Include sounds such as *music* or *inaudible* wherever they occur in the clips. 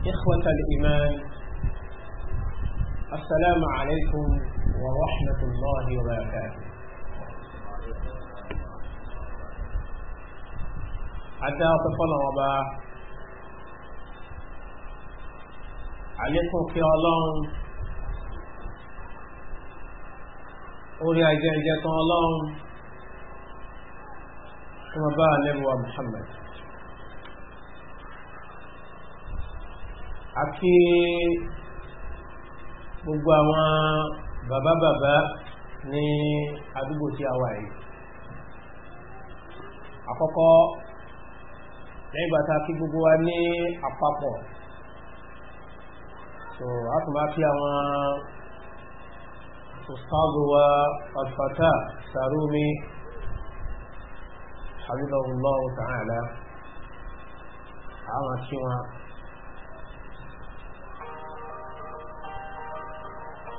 إخوة الإيمان السلام عليكم ورحمة الله وبركاته حتى أطفال ربا عليكم في الله أولي أجل جاتون الله كما بقى نبوة محمد àti gbogbo àwọn bàbá bàbá ní àdúgbò tí a wà yìí àkọ́kọ́ lẹ́yìn bàtà kí gbogbo wa ní àpapọ̀ so a tún bá kí àwọn ustazu wa alfata sarumi hafidhahullahu ta'ala àwọn kí wọn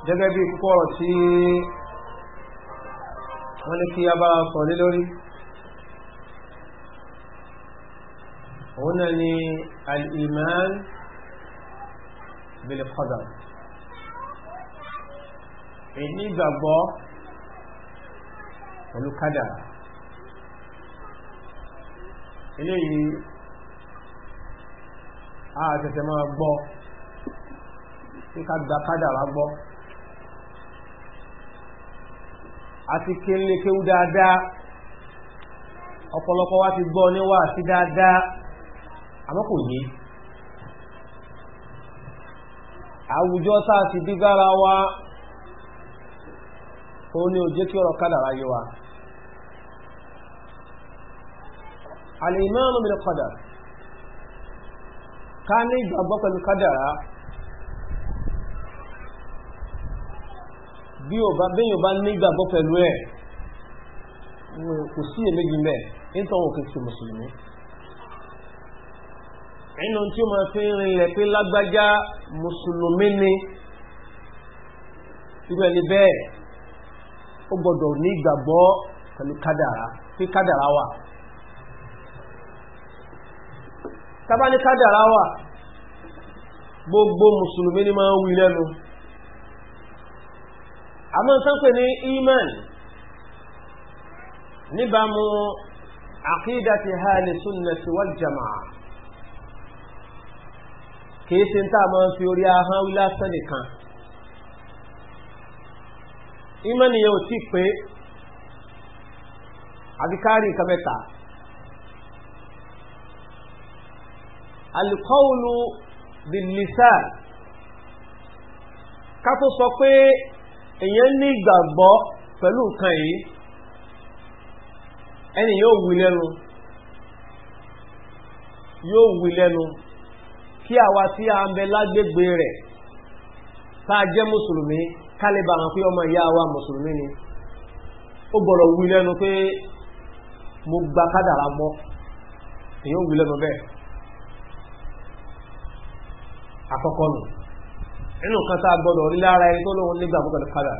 gẹ́gẹ́ bí púpọ̀ tí wọ́n ní kí a bá sọ lé lórí òun náà ni al-iman bil-qadar èyí gbàgbọ́ eléyìí a tẹ̀tẹ̀ máa gbọ́ kí ká gba kádàrá gbọ́ àti kéńlé kéwú dáadáa ọ̀pọ̀lọpọ̀ wa ti gbọ́ níwà sí dáadáa àmọ́ kò yé àwùjọ sáà ti bí bára wa òun ni ò jẹ́ kí ọ̀rọ̀ kádàrá yé wa alìmọ́ọ̀nù mi kọ̀dà ká ní ìgbàgbọ́ pẹ̀lú kádàrá bí o bá bẹ́yìn o bá nígbàgbọ́ pẹ̀lú ẹ̀ kò sí èméjì mẹ́ nítorí òkè ti mùsùlùmí nínú tí ó máa fi rinlẹ̀ pé lágbájá mùsùlùmí ni irú ẹni bẹ́ẹ̀ ó gbọ́dọ̀ ní ìgbàgbọ́ pẹ̀lú kádàrá pé kádàrá wà tábà kádàrá wà gbogbo mùsùlùmí ni máa ń wí lẹ́nu àmọ́ nǹkan pè ní iman níbàámu àkídàtì hàlì sunnati wal jama'a kìí ṣe ń tà máa fi orí ahọ́n wí lásán nìkan iman yẹn ò tí pé àbíkárì nǹkan mẹ́ta alqawlu bil sọ pé èyàn ní ìgbàgbọ́ pẹ̀lú nǹkan yìí ẹni yóò wí lẹ́nu yóò wí lẹ́nu kí àwa tí a ń bẹ lágbègbè rẹ̀ tá a jẹ́ mùsùlùmí kálíbà hàn pé ọmọ ìyá wa mùsùlùmí ni ó gbọ́dọ̀ wí lẹ́nu pé mo gba kádàrá mọ́ èyí ó wí lẹ́nu bẹ́ẹ̀ àkọ́kọ́ nù. nínú kan tá a gbọdọ̀ rí lára ẹni tó lóun nígbà púpọ̀ lọ́kadà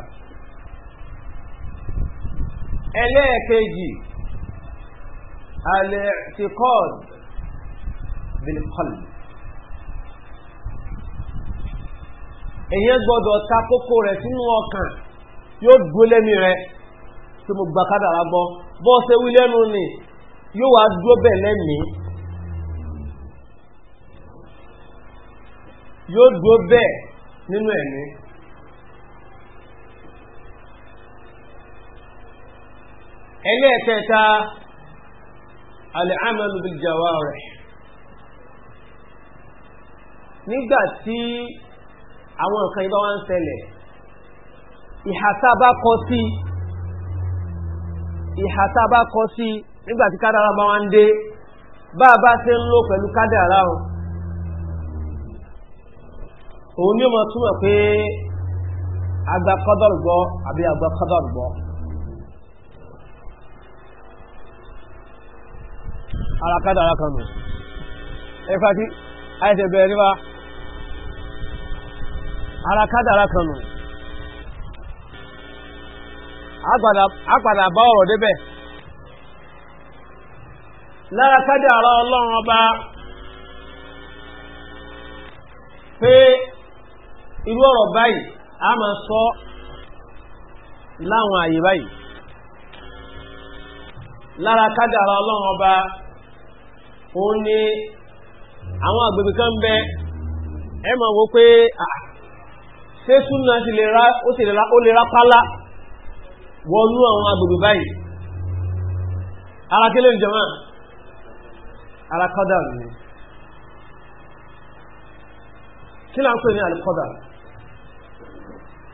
ẹlẹ́ẹ̀kejì al-i'tiqad bil-qalb èyàn gbọdọ̀ ta kókó rẹ̀ sínú ọkàn yóò dúó lẹ́mí rẹ̀ tí mo gbà kádàrá gbọ́ bọ́ ṣe wí lẹ́nu ni yóò wá dúó bẹ̀ lẹ́mí yóò dúó bẹ́ẹ̀ nínú ẹ̀mí ẹlẹ́ẹ̀kẹta al'amalu bil jawarih nígbà tí àwọn nǹkan ibá wọ́n ń ṣẹlẹ̀ ìhàtàbá kọ kọ sí nígbà tí kádàrá bá wọ́n ń òun ní o máa túmọ̀ pé agba gbọ́ àbí agba gbọ́ arakada arakanu ẹ̀fà tí àìsẹ̀ bẹ̀rẹ̀ nípa bá ọ̀rọ̀ débẹ̀ lára ọlọ́run ọba pé irú ọ̀rọ̀ báyìí a máa sọ láwọn àyè báyìí lára kádàrá ọlọ́run ọba ó ní àwọn agbègbè kan bẹ ẹ máa wò pé ṣé súnà sì lè ra ó sì lè ra pálá wọnú àwọn agbègbè báyìí ara kí lè jẹmọ́ ara kádàrá ni kí Kila ń pè ní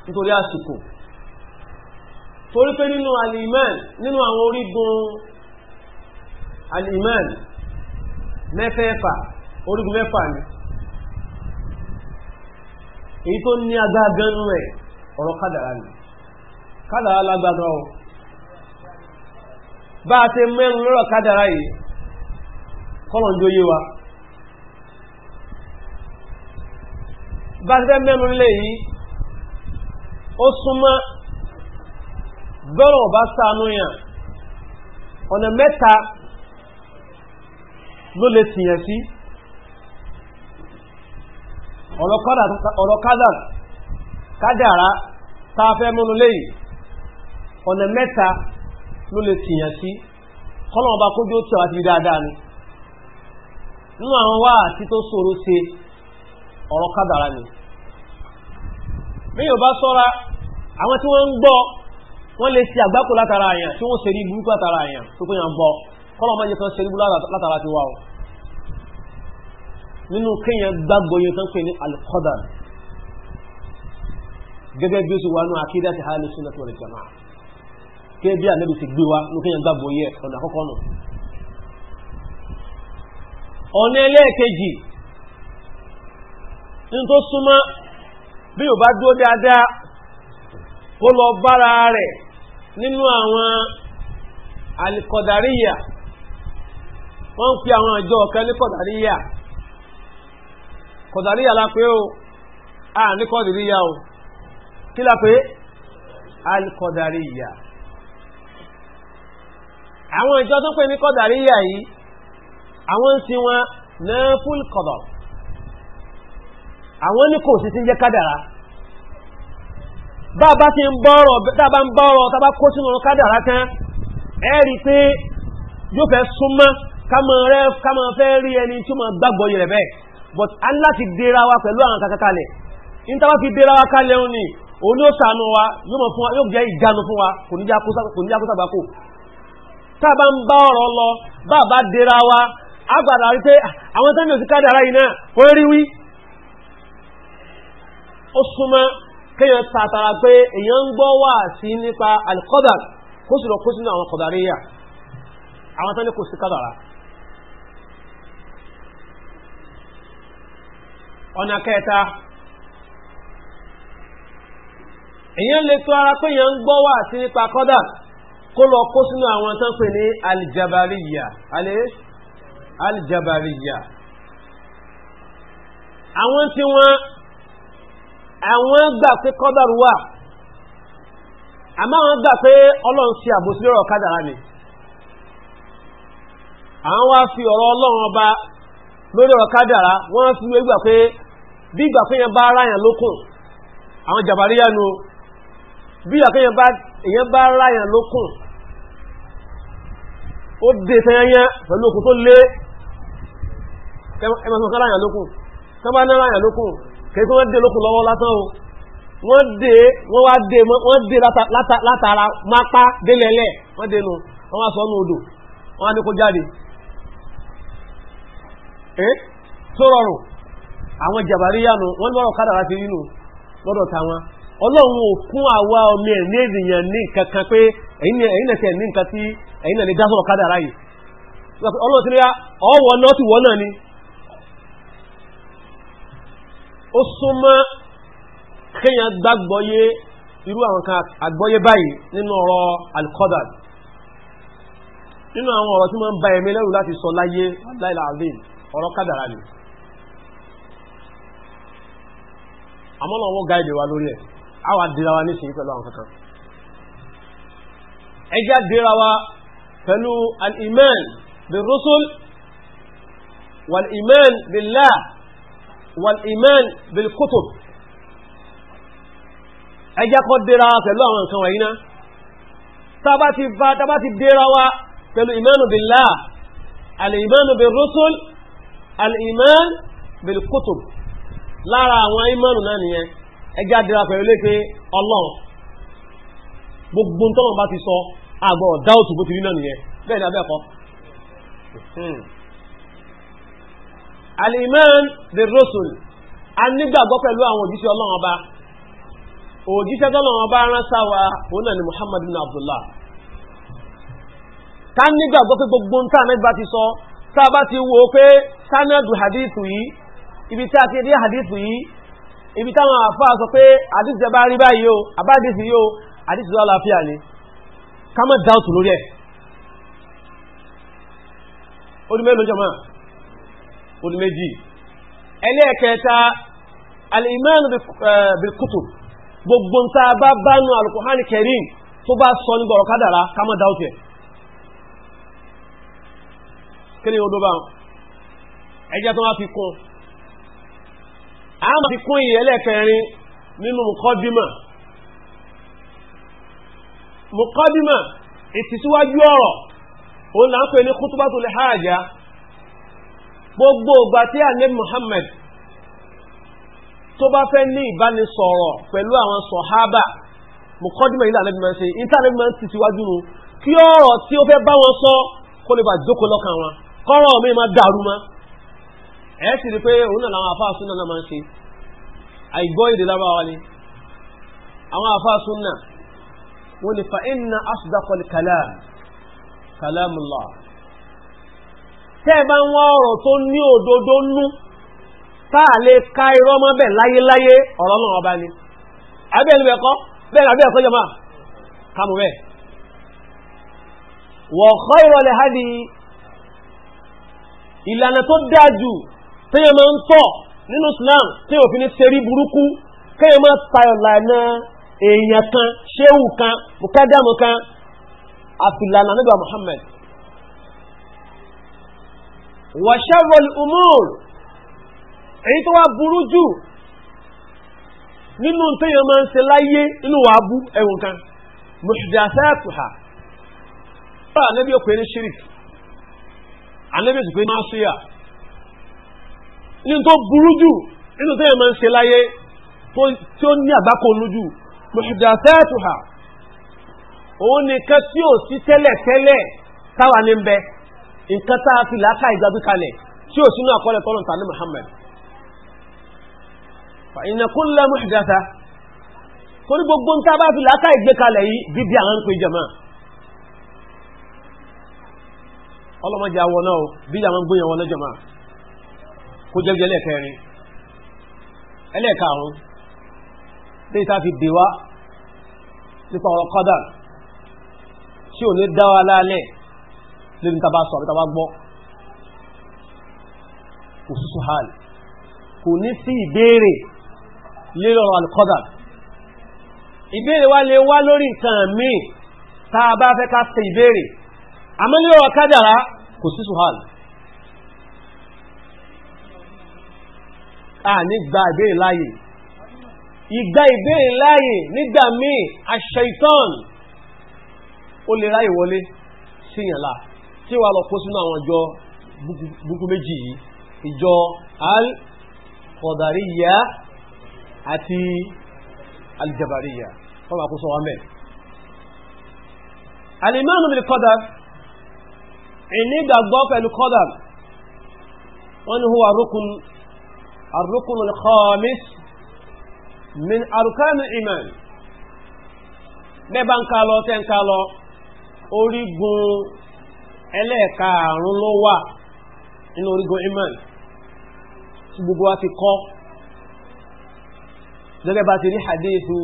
nítorí àsìkò torí pé nínú alìmán nínú àwọn orígun alìmán mẹ́fẹ́ẹ̀fà orígun mẹ́fà ni èyí tó ní agbáganú rẹ̀ ọ̀rọ̀ kádàrá ni kádàrá lágbàgbà ọ bá a ṣe mẹ́rin lọ́rọ̀ kádàrá yìí kọ́lọ̀ ń jóyé wa bá a ṣe mẹ́rin lè yìí ó súnmọ́ bọ́rọ̀ bá sánú yàn ọ̀nà mẹ́ta ló lè tìyàn sí ọ̀rọ̀ kádà kádàrá táa fẹ́ múnú léyìí ọ̀nà mẹ́ta ló lè tìyàn sí kọ́lọ̀ ọba kójú ó wá ti dáadáa ni nínú àwọn wá àti tó ṣòro ṣe ọ̀rọ̀ ni mí yóò bá sọ́ra àwọn tí wọ́n ń gbọ́ wọ́n lè ṣe àgbákò látara àyàn tí wọ́n ṣe rí burúkú látara àyàn tó pé yàn gbọ́ kọ́lọ̀ mọ́ yẹn kan ṣe rí burúkú látara ti wà o nínú kéèyàn gbàgbọ́ yẹn tán pè ní al-qadar gẹ́gẹ́ bí ó sì wà nù àkídá ti hàlẹ́ sunnah wal jamaa'ah kí bí ànábì ti gbé wa ló kéèyàn gbàgbọ́ yẹ ọ̀nà àkọ́kọ́ nù. ọ̀nà ẹlẹ́ẹ̀kejì ní súnmọ́ bí ò bá dúró dáadáa kó lọ bára rẹ̀ nínú àwọn alikọ̀dáríyà wọ́n ń pe àwọn àjọ ọ̀kan ní kọ̀dáríyà kọ̀dáríyà la pé o a ní kọ̀dáríyà o kí la pé alikọ̀dáríyà àwọn ìjọ tó pè ní kọ̀dáríyà yìí àwọn ń sin wọn náà fún kọ̀dọ̀ àwọn ní kò sí ti jẹ́ kádàrá. baaba ti ń bọ́rọ̀ dábà ń bọ́rọ̀ tàbá kó sínú ọ̀rọ̀ kádàrá kan ẹ̀rí pé yóò fẹ́ súnmọ́ kámọ̀ fẹ́ rí ẹni tí ó gbàgbọ́ yẹrẹ bẹ́ẹ̀ but a ní dera wa pẹ̀lú àwọn kakakalẹ̀ ní tàbá fi dera wa kalẹ̀ òun ni òun yóò sànú wa yóò jẹ́ ìjánu fún wa kò ní jẹ́ kéèyàn tàtàrà pé èèyàn ń gbọ́ wà sí nípa alqadar kó sì lọ kó sínú àwọn qadariyya àwọn tó ní kò sí kádàrá ọ̀nà kẹta èèyàn lè tó ara pé èèyàn ń gbọ́ wà sí nípa qadar kó lọ kó sínú àwọn tó ń pè ní aljabariyya alẹ́ aljabariyya àwọn tí wọ́n àwọn gbà pé kọ́dọ̀rù wà àmọ́ àwọn gbà pé ọlọ́run ṣe àbòsí lọ́rọ̀ kádàrá ni àwọn wá fi ọ̀rọ̀ ọlọ́run ọba lórí ọ̀rọ̀ kádàrá wọ́n fi wé gbà pé bí pé yẹn bá ara yẹn àwọn jàbárí yánu bí ìgbà pé yẹn bá ara yẹn lókùn ó dé tẹ́yẹnyẹ pẹ̀lú okùn tó lé ẹmọ sọ kára yẹn kẹ́kọ́ wọ́n dé lókùn lọ́wọ́ lásán o wọ́n dé wọ́n wá dé wọ́n dé látara mápá délẹ̀lẹ̀ wọ́n dé nu wọ́n wá sọ́nù odò wọ́n wá ní kó jáde ẹ́ tó rọrùn àwọn jàbáríyànù wọ́n lọ́rọ̀ kádàrá ti rínú lọ́dọ̀ tàwọn ọlọ́run ò kún àwa ẹ̀ ní ènìyàn ní pé ẹ̀yìn ní nǹkan tí ti rí ọwọ́ náà ti ó súnmọ́ kéèyàn gbàgbọ́yé irú àwọn kan àgbọ́yé báyìí nínú ọ̀rọ̀ alqadar nínú àwọn ọ̀rọ̀ tí wọ́n ń ba ẹ̀mí lẹ́rù láti sọ láyé láìláàbí ọ̀rọ̀ kádàrà ni àmọ́ náà wọ́n gáìdì wa lórí ẹ̀ àwa dira wa nísìnyí pẹ̀lú àwọn kankan ẹjẹ́ dira wa pẹ̀lú al-iman bil-rusul wal-iman billah والإيمان بالكتب. bil-kutub ẹjẹ́ kọ́ dẹ́ra pẹ̀lú àwọn nǹkan wọ̀nyí náà tàbá ti bá tàbá ti dẹ́ra wa pẹ̀lú imanu billah al-imanu bir-rusul al-iman bil-kutub lára àwọn imanu náà nìyẹn ẹjẹ́ dẹ́ra pẹ̀lú lépe ọlọ́run gbogbo tọ́lọ̀ bá ti sọ àgbọ̀ dáòtù bó ti rí náà nìyẹn bẹ́ẹ̀ ni abẹ́ẹ̀kọ́ hmm al-iman bir-rusul a nígbàgbọ́ pẹ̀lú àwọn òjíṣẹ́ ọlọ́run ọba òjíṣẹ́ tọ́lọ́run ọba rán sáwa òun náà ni muhammad bin abdullah ká nígbàgbọ́ pé gbogbo nǹkan náà bá ti sọ tá a bá ti wo pé sanadu hadithu yìí ibi tí a ti rí hadithu yìí ibi táwọn àfáà sọ pé hadithu jẹba rí báyìí o àbádìsí yìí o hadithu lọ́la fíà ni ká má dáùtù lórí ẹ̀ ó ní mélòó jọmọ́ ó ní méjì ẹlẹ́ẹ̀kẹta alìmánu bilkutub gbogbo nta bá bánu alukuhani karim tó bá sọ nígbà ọ̀rọ̀ kádàrá ká má dáwọ́ tiẹ̀ kí ni odó bá wọn ẹjẹ́ tó wá fi kún a máa fi kún nínú mukọ́dímà mukọ́dímà ìtìsíwájú ọ̀rọ̀ òun là ń pè ní kútúbátulẹ̀ háàjá gbogbo ìgbà tí alẹ́ Muhammad tó bá fẹ́ ní ìbánisọ̀rọ̀ pẹ̀lú àwọn sọ̀hábà mùkọ́dúnmọ̀ ilé alẹ́ bímọ ṣe ìta alẹ́ bímọ ti síwájú nu kí ọ̀rọ̀ tí ó fẹ́ bá wọn sọ kó lè bá jókòó lọ́kàn wọn kọ́rọ̀ mi máa dàrú mọ́ ẹ̀ sì rí pé òun náà làwọn àfáà náà máa ń ṣe àìgbọ́ èdè lábáwá ni àwọn àfáà súnà wọn ni fa inna asdaqal kalam kalamullah tẹ́ bá ń wá ọ̀rọ̀ tó ní òdodo nú táà lè ká irọ́ mọ́ bẹ̀ láyéláyé ọ̀rọ̀ náà ọba ni àbẹ́ ẹni bẹ̀kọ́ bẹ́ẹ̀ àbẹ́ ẹ̀kọ́ jọmọ́ kàmù bẹ́ẹ̀ wọ̀kọ́ ìrọ̀lẹ̀ hadi ìlànà tó dájú tẹ́yẹ máa ń tọ̀ nínú Islam tí ò fi burúkú kẹ́yẹ máa tayọ̀ lànà èèyàn kan ṣéwù kan mùkádàmù kan àfìlànà nígbà Muhammad wa sharrul umur èyí tó wá burú jù nínú tẹ́yàn máa ń se láyé inú wa bú ẹ̀wọ̀n kan muhdathatuha bá ànábì ó ní shirk ànábì sì pé ní asiya nínú tó burú jù nínú tẹ́yàn máa ń ṣe láyé tí ó ní àgbákò lójú muhdathatuha òun nìkan tí ò sí tẹ́lẹ̀tẹ́lẹ̀ táwa ní bẹ́ẹ̀. nǹkan tá a fi làákà ìgbàgbé kalẹ̀ tí ò sínú àkọọ́lẹ̀ tọ́lọ̀ tàbí Muhammad fa inna kulla muhdatha torí gbogbo ń tá a bá fi làákà ìgbé kalẹ̀ yìí bíbí àwọn ń pè jẹ̀mọ́ ọlọ́mọdé àwọn náà bí àwọn gbóyàn wọn lọ́jọ́ máa kó jẹ́jẹ́ ẹlẹ́ẹ̀kẹrin ẹlẹ́ẹ̀karùn lè ta fi dèwá nípa ọ̀rọ̀ kọ́dà tí ò ní dá wa lálẹ́ lórí tàbá sọ àbítàbá gbọ́ kò sí suhal kò ní sí ìbéèrè lórí ọ̀rọ̀ alqadar ìbéèrè wá lè wá lórí nǹkan míì tá a bá fẹ́ ká ṣe ìbéèrè àmọ́ lórí ọ̀rọ̀ kádàrá kò sí suhal a ní gba ìbéèrè láàyè ìgbà ìbéèrè láàyè nígbà míì aṣ-ṣaitan ó lè ráyè wọlé síyànlá tí wàá lọ kó sínú àwọn ìjọ búkú méjì yìí ìjọ al-Qadariyya àti al-Jabariyya wọ́n máa kó sọ wọn bẹ́ẹ̀. al-imanu bil qadar ìnígbàgbọ́ pẹ̀lú qadar wọ́n ní huwa rukun al-khamis min arkanu iman bẹ́ẹ̀ bá ń ká tẹ́ ń ká orígun ẹlẹ́ẹ̀kaàrún ló wà nínú orígun iman tí gbogbo wa ti kọ́ gẹ́gẹ́ bá ti rí hadithu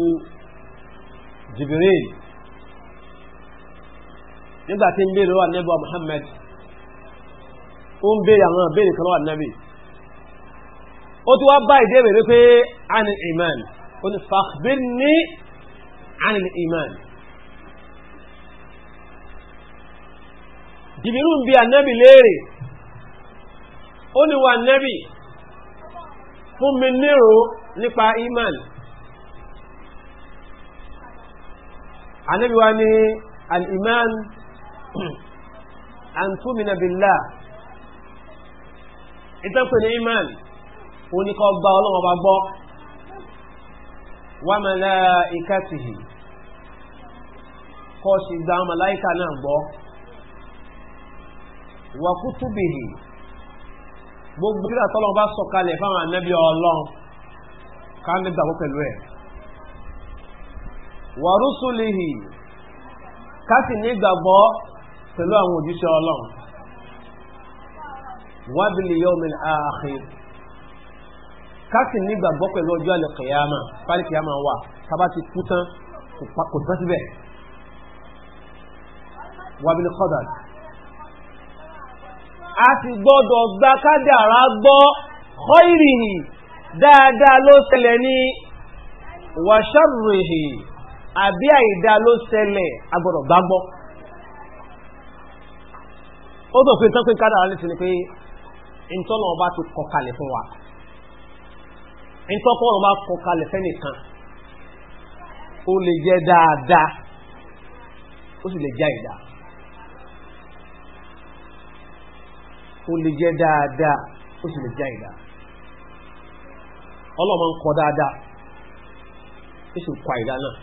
nígbà tí ń bèèrè wà nẹ́bọ̀ ó ń bèèrè àwọn kan wà nẹ́bì ó iman jìbìrú ń bi ànábì léèrè ó ní wa ànábì fún mi nírò nípa iman ànábì wa ní al-iman an tumina billah ìtọ́pẹ̀ ní iman òun ni kọ́ gba ọlọ́run ọba gbọ́ wa malaikatihi kọ́ sì gba malaika náà gbọ́ wa kutubihi gbogbo tí àtọ́lọ́ bá sọ̀kalẹ̀ fáwọn anábì ọlọ́run ká ní gbàgbọ́ pẹ̀lú ẹ̀ wa rusulihi ká sì ní gbàgbọ́ pẹ̀lú àwọn òjíṣẹ́ ọlọ́run wa bil yawmil akhir ká sì ní gbàgbọ́ pẹ̀lú ọjọ́ àlẹ́ kìyàmà pálí kìyàmà wà tábà ti kú tán kò tán síbẹ̀ wa bil a sì gbọ́dọ̀ gba kádàrá gbọ́ khairihi dáadáa ló ṣẹlẹ̀ ní wa sharrihi àbí àìdá ló ṣẹlẹ̀ a gbọ́dọ̀ gbà gbọ́ ó tó pé tán pé kádàrá lè ṣe ni pé ìtọ́nà ọba ti kọ kalẹ̀ fún wa ìtọ́kọ́ ọba kọ kalẹ̀ fẹ́nìkan ó lè jẹ́ dáadáa ó sì lè jẹ́ àìdáa ó lè jẹ́ dáadáa ó sì lè jẹ́ ìdá ọlọ́mọ ń kọ dáadáa ó sì kọ ìdá náà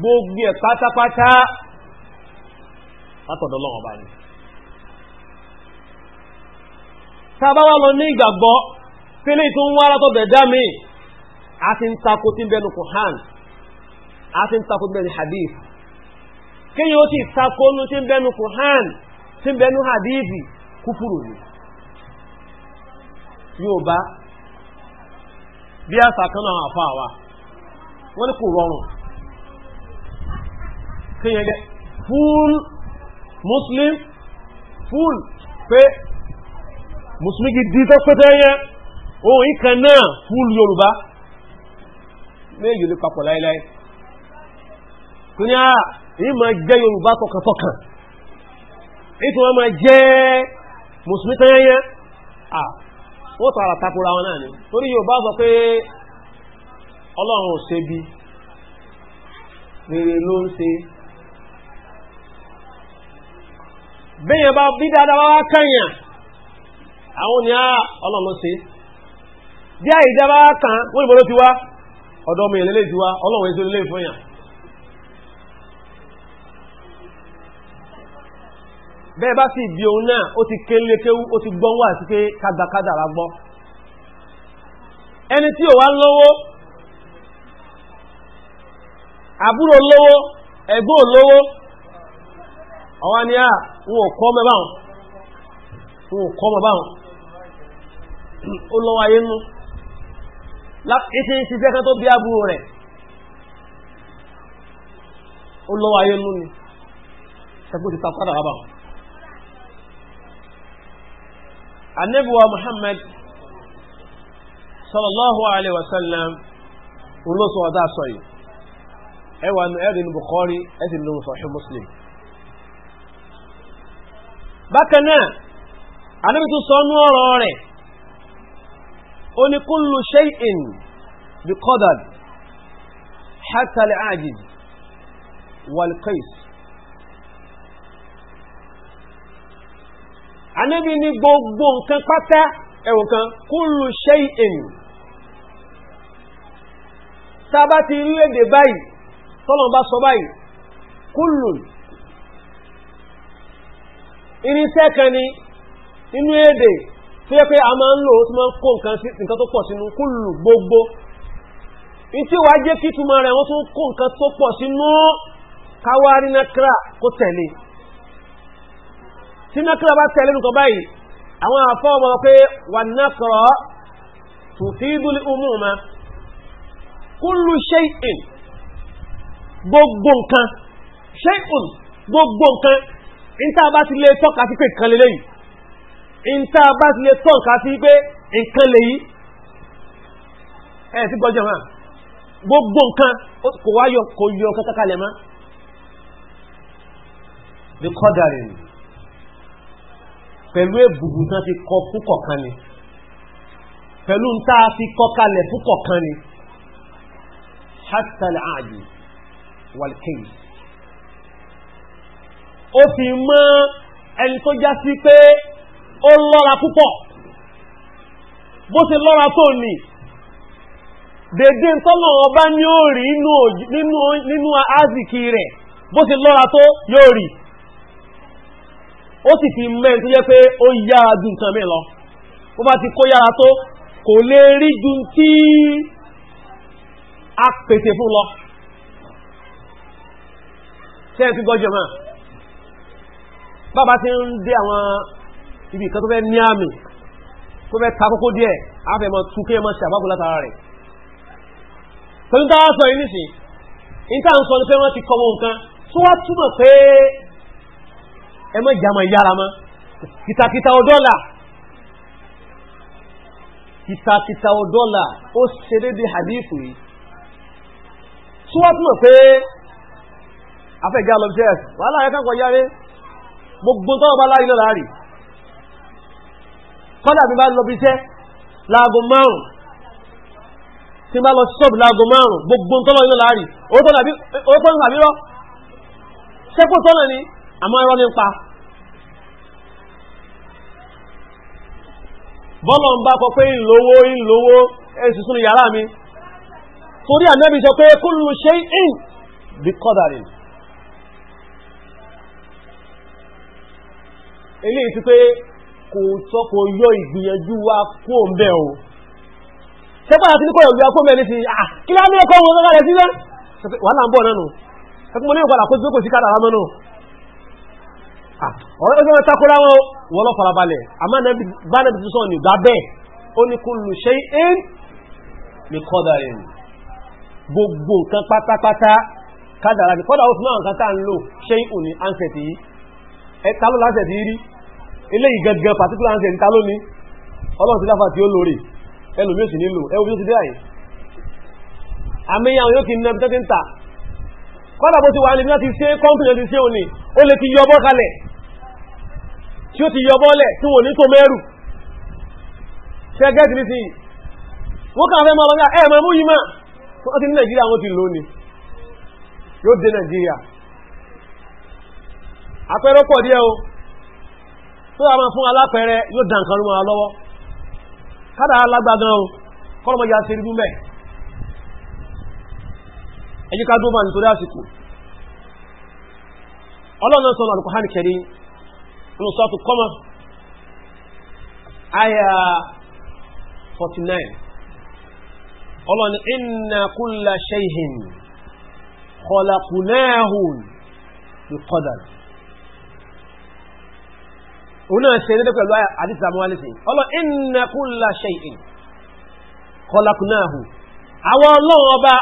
gbogbo ẹ̀ pátápátá látọ̀dọ̀ lọ́wọ́ bá ní lọ ní ìgbàgbọ́ pélé tó ń wá látọ̀ bẹ̀dá mi a ti ń takò tí bẹnu a ti ń takò tí bẹnu hadith tí ń bẹnu hadithi kúfùrù ni yóò bá bí àṣà kan náà àfa wa wọ́n ní kò rọrùn kíyẹn gẹ́ full muslim full pé musulmi gidi tó pẹ́tẹ́ yẹn ohun ìkan náà full yorùbá méjì lè papọ̀ láíláí tó ní à ìmọ̀ jẹ́ yorùbá tọkàntọkàn ètò wọn máa jẹ́ mùsùlùmí tẹ́yẹnyẹ́ à ó tààrà takora wọn náà ni torí yóò bá sọ pé ọlọ́run ò ṣe bí rere ló ń ṣe bẹ́yẹn bá bí dáadáa wá kẹ́yàn àwọn ni á ọlọ́run ló ṣe bí àìdáa wá kàn wọ́n ìbọn ló ti wá ọ̀dọ́ ọmọ ìlẹ́lẹ́ ti ọlọ́run èso lélẹ́ fún yàn bẹ́ẹ̀ bá sì bí òun náà ó ti kéré kéwú ó ti gbọ́n wà sí pé kágbàkádà wá gbọ́ ẹni tí ò wá lówó àbúrò lówó ẹ̀gbọ́n lówó ọwá ni à ah, ń ò kọ́ mẹ́ báwọn ń ò kọ́ mọ́ báwọn ó lọ́wọ́ ayé nú ìṣe ìṣiṣẹ́ kan tó bí àbúrò rẹ̀ ó lọ́wọ́ ayé nú ni ṣẹ́gbó ti ta padà wá báwọn anabiwa muhammad sallallahu alayhi wa sallam òun ló sọ ọ̀dà sọ yìí ẹ wà nù ẹ̀rìn bukhari ẹ̀sìn nù sahih muslim. bákan anabi tún sọ nú ọ̀rọ̀ rẹ̀ ó ní kullu shay'in bi qadar hatta al wal qais. anábì ni gbogbo nkan pata ẹ̀wọ̀n kan kúlù ṣe èyàn sábà ti rí èdè báyìí tọ́lọ̀ bá sọ báyìí kúlù irinṣẹ́ kan ni inú èdè tó yẹ pé a máa ń lò ó tí máa ń kó nǹkan tó pọ̀ sínú kúlù gbogbo ìtí wàá jẹ́ kí túmọ̀ rẹ̀ wọ́n tún kó nǹkan tó pọ̀ sínú káwárí nákírà kó tẹ̀lé tí nákìrọ̀ bá tẹ̀lé nǹkan báyìí àwọn àfọ́ ọmọ pé wà nákìrọ̀ tó fi dúlé umú ma kúlù ṣe'in gbogbo nǹkan ṣe'in gbogbo nǹkan ìntà bá ti lè tọ́ka sí pé nǹkan lè lẹ́yìn ìntà bá ti lè tọ́ka sí pé nǹkan lè yìí ẹ̀ sí gbọ́jọ̀ máa gbogbo nǹkan kò wáyọ kò yọ kankan kalẹ̀ mọ́ bí kọ́dà rẹ̀ nìí pẹ̀lú èbùbù tán ti kọ púpọ̀ kan ni pẹ̀lú ń tá a fi kọ kalẹ̀ púpọ̀ kan ni hatal aadi walkeyi ó fi mọ́ ẹni tó já sí pé ó lọ́ra púpọ̀ bó ti lọ́ra tó ní dèdè tọ́nà ọba ní ó rí nínú àzìkí rẹ̀ bó ti lọ́ra tó yóò rí ó sì fi mẹ́rin tó jẹ́ pé ó yára ju nǹkan mi lọ bó bá ti kó yára tó kò lè rí ju tí a pèsè fún lọ ṣe é mọ́ bàbá ti ń dé àwọn ibi ìkan tó fẹ́ ní àmì tó fẹ́ ta kókó díẹ̀ afẹ́ mọ́ tún kí ẹ mọ́ ṣàbábù látara rẹ̀ pẹ̀lú táwọn sọ yìí nìsín ìta ń sọ ní pé wọ́n ti kọ́ wọn nǹkan tó wá túmọ̀ pé ẹ mọ́ ìjà máa yára mọ́ kìtàkìtà ọ̀dọ́là kìtàkìtà ọ̀dọ́là ó ṣe déédéé hadithu yìí tí wọ́n túnmọ̀ pé afẹ́gá lọ jẹ́ wàhálà ẹ̀ kankan yáre gbogbo tọ́wọ́ bá láyé lọ́la rí kọ́dà bí bá lọ bí iṣẹ́ láago márùn tí bá lọ ṣọ́ọ̀bù láago márùn gbogbo tọ́wọ́ yìí lọ́la rí owó tọ́nà àbí rọ́ ṣẹ́kù tọ́nà ni àmọ́ ẹ̀rọ ní pa bọ́lọ̀ ń bá kọ pé ìlówó ìlówó èsì sínú yàrá mi torí ànábì sọ pé kullu shay'in bi qadarin eléyìí ti pé kò tọ́ kò yọ ìgbìyànjú wa kó ń bẹ̀ o sẹ́pà àti ní kọ́ ìgbìyànjú wa ah, kó ń à kí lábẹ́ ẹ̀kọ́ wọn lọ́gbàrẹ̀ sílẹ̀ wàhálà ń náà nù Ah, ọ̀rọ̀ ẹgbẹ́ wọn takora wọn wọ́n lọ farabalẹ̀ àmọ́ bánẹ́bí tó sọ̀rọ̀ nígbà bẹ́ẹ̀ ó ní kullu shay'in bi qadarin gbogbo nǹkan pátápátá kádàrá ní kọ́dà ó fún àwọn nǹkan tá ń lò shay'un ní ansẹ̀tì yìí ẹ ta ló lánsẹ̀tì yìí rí eléyìí gangan particular ansẹ̀tì ta ló ní ọlọ́run ti dáfà tí ó lórí ẹlòmí ò sì nílò ẹ wo bí ó ti ń ta kọ́dà bó ní bí ti ṣe ó lè ti yọ ọbọ̀ tí o ti yọbọ́lẹ̀ tí wọ́n ní tó mẹ́rù ṣẹgẹ́tì ní ti wọ́n kàn fẹ́ ọlọ́gá ẹ̀ mọ́ yí máa wọ́n ti ní nàìjíríà wọ́n ti lò ní yóò dé nàìjíríà àpẹẹrẹ pọ̀ díẹ̀ o tó a máa fún alápẹẹrẹ yóò dà nǹkan lọ́wọ́ kádà o kọ́lọ́mọ ya ṣe dúró máa nítorí àsìkò ọlọ́run nínú sọ́ọ̀tù kọ́mọ̀ àyà 49 ọlọ́ni inna kulla shay'in khalaqnahu bi qadar òun náà ṣe nílé pẹ̀lú àdìsí àmọ́ alẹ́sì ọlọ́ inna kulla shay'in khalaqnahu àwọn ọlọ́run ọba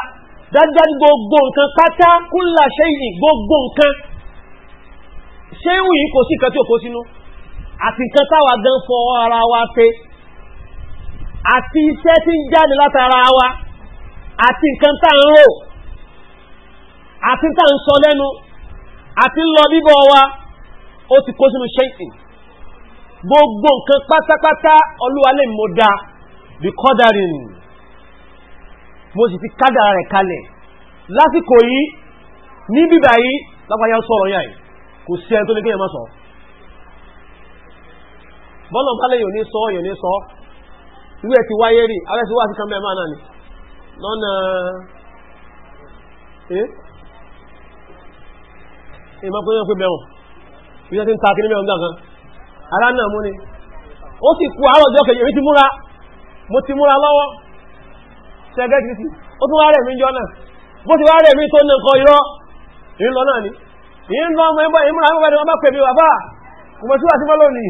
dájá gbogbo nǹkan pátá kulla shay'in gbogbo nǹkan ṣé ń yìí kò sí nǹkan tí ò kó sínú àti nǹkan táwa gan fọ ara wa pé àti iṣẹ́ tí ń jáde látara wa àti nǹkan tá ń rò àti tá ń sọ lẹ́nu àti ń lọ bíbọ̀ wa ó ti kó sínú ṣẹ́yìn gbogbo nǹkan pátápátá olúwalẹ̀ mo da the cordering mo sì ti kádàrá rẹ̀ kalẹ̀ lásìkò yìí ní bíbà yìí lápáyá sọ̀rọ̀ yà kò sí ẹni tó ní kéèyàn má sọ bọ́lọ̀ bá lẹ́yìn òní sọ èèyàn ní sọ irú ẹ̀ ti wáyé rí alẹ́ ti wá sí kánbẹ́ máa náà ni lọ́nà ẹ́ ìmọ̀ pé wọ́n pé mẹ́wọ̀n ìjọ ti ń ta kí ní mẹ́wọ̀n gangan ara náà mú ni ó sì kú àárọ̀ ọjọ́ kejì èmi ti múra mo ti múra lọ́wọ́ ṣẹ́gẹ́ kìí ó tún wá rẹ̀ mí jọ náà bó ti wá rẹ̀ mí tó nǹkan irọ́ ìrìn lọ náà ni yìí ń lọ ọmọ ẹgbẹ́ ìmúra àwọn ọmọdé wọn bá pèbí wà bá ọmọ tí wà sí fọ́lọ́ ni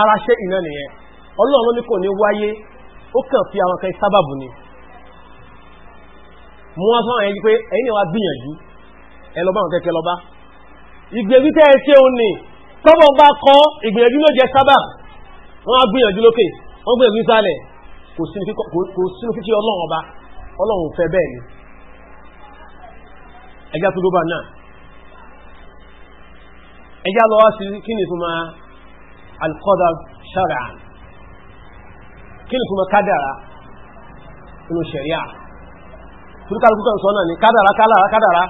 ara ṣe iná nìyẹn ọlọ́run ní kò ní wáyé ó kàn fi àwọn kan sábàbù ni mú wọn fún àwọn ẹni pé ẹ̀yin ni wàá gbìyànjú ẹ lọ bá àwọn kẹ̀kẹ́ lọ bá ìgbìyànjú tẹ́ ẹ ṣe òun ni tọ́bọ̀ bá kọ́ ìgbìyànjú ló jẹ sábà wọ́n á gbìyànjú lókè wọ́n gbìyànjú sálẹ̀ kò sínú kíkí ọlọ́run ọba ọlọ́run fẹ́ bẹ́ẹ̀ ni ẹjá tó dóbà náà ẹjá lọ wá sí kí ni túnmà alqadar shar'an kí ni túnmà kádàrá inú ṣẹ̀ríà kálukú kan sọ náà ni kádàrá kádàrá kádàrá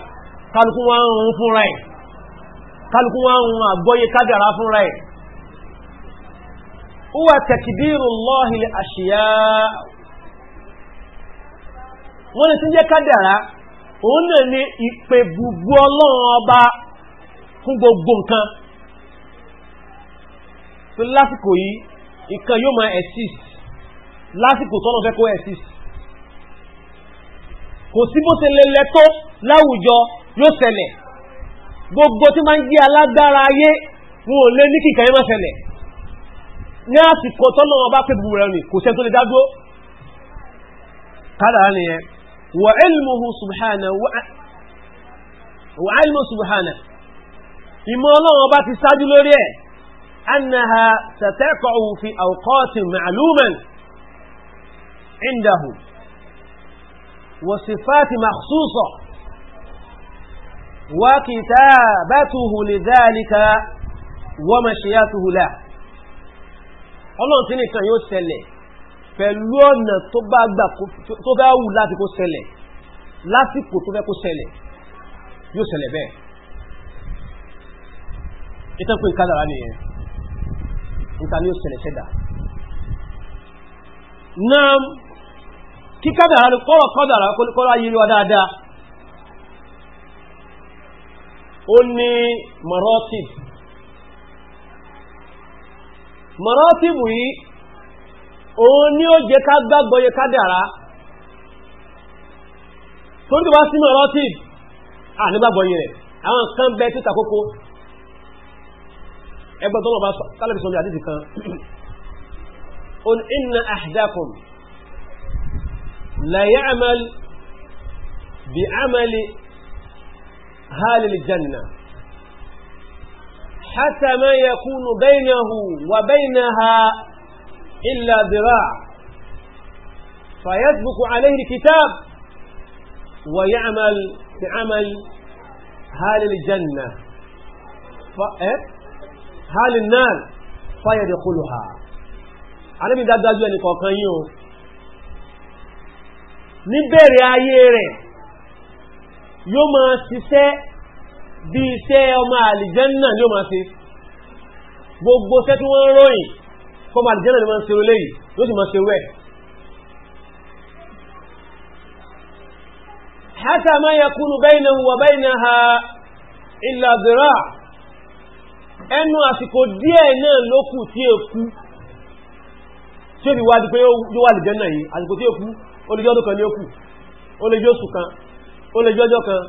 kálukú wá ń rún fúnra ẹ̀ kálukú wá ń àgbọ́yé kádàrá fúnra ẹ̀ huwa takdirullahi li ashiya wọ́n ni tí jẹ́ kádàrá òun náà ni ìpè gbogbo ọlọ́run ọba fún gbogbo nǹkan tó lásìkò yìí ìkan yóò máa exist lásìkò tọ́nà fẹ́ kó exist kò sí bó ṣe lẹ́lẹ́ tó láwùjọ yóò ṣẹlẹ̀ gbogbo tí máa ń jẹ́ alágbára ayé wọn ò lé ní kíkà yẹn máa ṣẹlẹ̀ ní àsìkò tọ́nà ọba pé gbogbo rẹ̀ ni kò sẹ́ tó lè dádúró kádàá nìyẹn وعلمه سبحانه وعلمه سبحانه إمالاً وبات السادة لوريا أنها ستقع في أوقات معلومة عنده وصفات مخصوصة وكتابته لذلك ومشياته له الله تنيك يوسف pẹ̀lú ọ̀nà tó bá gbà tó fẹ́ wù láti kó ṣẹlẹ̀ lásìkò tó fẹ́ kó ṣẹlẹ̀ yóò ṣẹlẹ̀ bẹ́ẹ̀ ìtàn pé nìyẹn nǹkan ni ó ṣẹlẹ̀ ṣẹ̀dá náà kí kádàrá ni kọ́rọ̀ kọ́dàrá kọ́rọ̀ ayé wa dáadáa ó ní mọ̀rọ́tìbù mọ̀rọ́tìbù yìí òun ní ó jẹ ká gbàgbọ́ yẹ ká dára tó ń tọ́wá sínú ọ̀rọ̀ tí à nígbàgbọ́ yẹn rẹ̀ àwọn kan bẹ títà kókó ẹgbẹ́ tó lọ́ba tálẹ́bí sọ́jà àdìsí kan on inna ahdakum la ya'mal bi amali halil janna hatta ma yakunu bainahu wa bainaha إلا ذراع فيسبق عليه الكتاب ويعمل بعمل هال الجنة هال النار فيدخلها على من ذات ذات يعني قوقانيو níbẹ̀rẹ̀ ayé rẹ̀ yóò máa ṣiṣẹ́ bí iṣẹ́ ọmọ àlìjẹ́ náà yóò máa ṣe gbogbo ṣẹ́ tí wọ́n ròyìn fọ́mà àdìjẹ́nà ni wọ́n ṣe olè yìí ló sì mọ́ ṣe wẹ́ hátà máa yẹ kúrú bẹ́ẹ̀nà wà bẹ́ẹ̀nà ha ilà zira ẹnu àsìkò díẹ̀ náà ló kù tí ó kú tí ó fi wá di pé ó wà àdìjẹ́nà yìí àsìkò tí ó kú ó lè jẹ́ ọdún kan ní ó kù ó lè jẹ́ oṣù kan ó lè jẹ́ ọjọ́ kan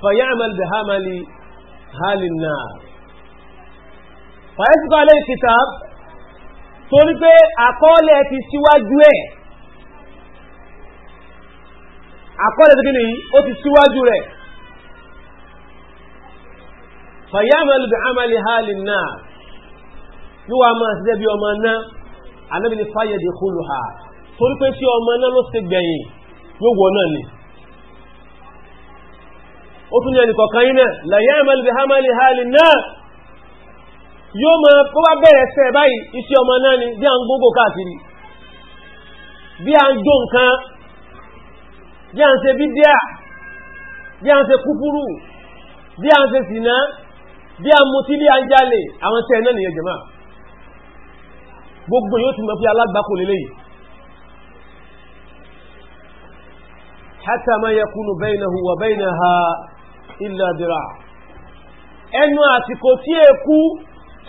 fàyà àmàlì bẹ̀hámàlì hálì náà fàyà sí torí pé àkọọ́lẹ̀ ti síwájú ẹ̀ àkọọ́lẹ̀ ti gínì ó ti síwájú rẹ̀ fàyàmàlù bí àmàlì hálì náà níwà máa ṣiṣẹ́ bí ọmọ náà anábì ní fàyẹ̀dì kúlù ha torí pé sí ọmọ náà ló ṣe gbẹ̀yìn yóò wọ náà ni ó tún ní ẹnì kọ̀ọ̀kan yín náà làyàmàlù bí àmàlì hálì náà yóò mọ kó bá bẹ̀rẹ̀ sẹ̀ báyìí iṣẹ́ ọmọ náà ni bí a ń gbogbo káàkiri bí a ń jó nǹkan bí a ń ṣe bídíà bí a ń ṣe kúkúrú bí a ń ṣe sìná bí a ń mutí bí a ń jalè àwọn sẹ́ẹ̀ náà nìyẹn jẹ̀má gbogbo yóò ti mọ̀ pé alágbàkó lélẹ́yìí hátà máa yẹ kúnnù bẹ́ẹ̀nà hùwà bẹ́ẹ̀nà ha ilẹ̀ àdìrà ẹnu àsìkò tí èkú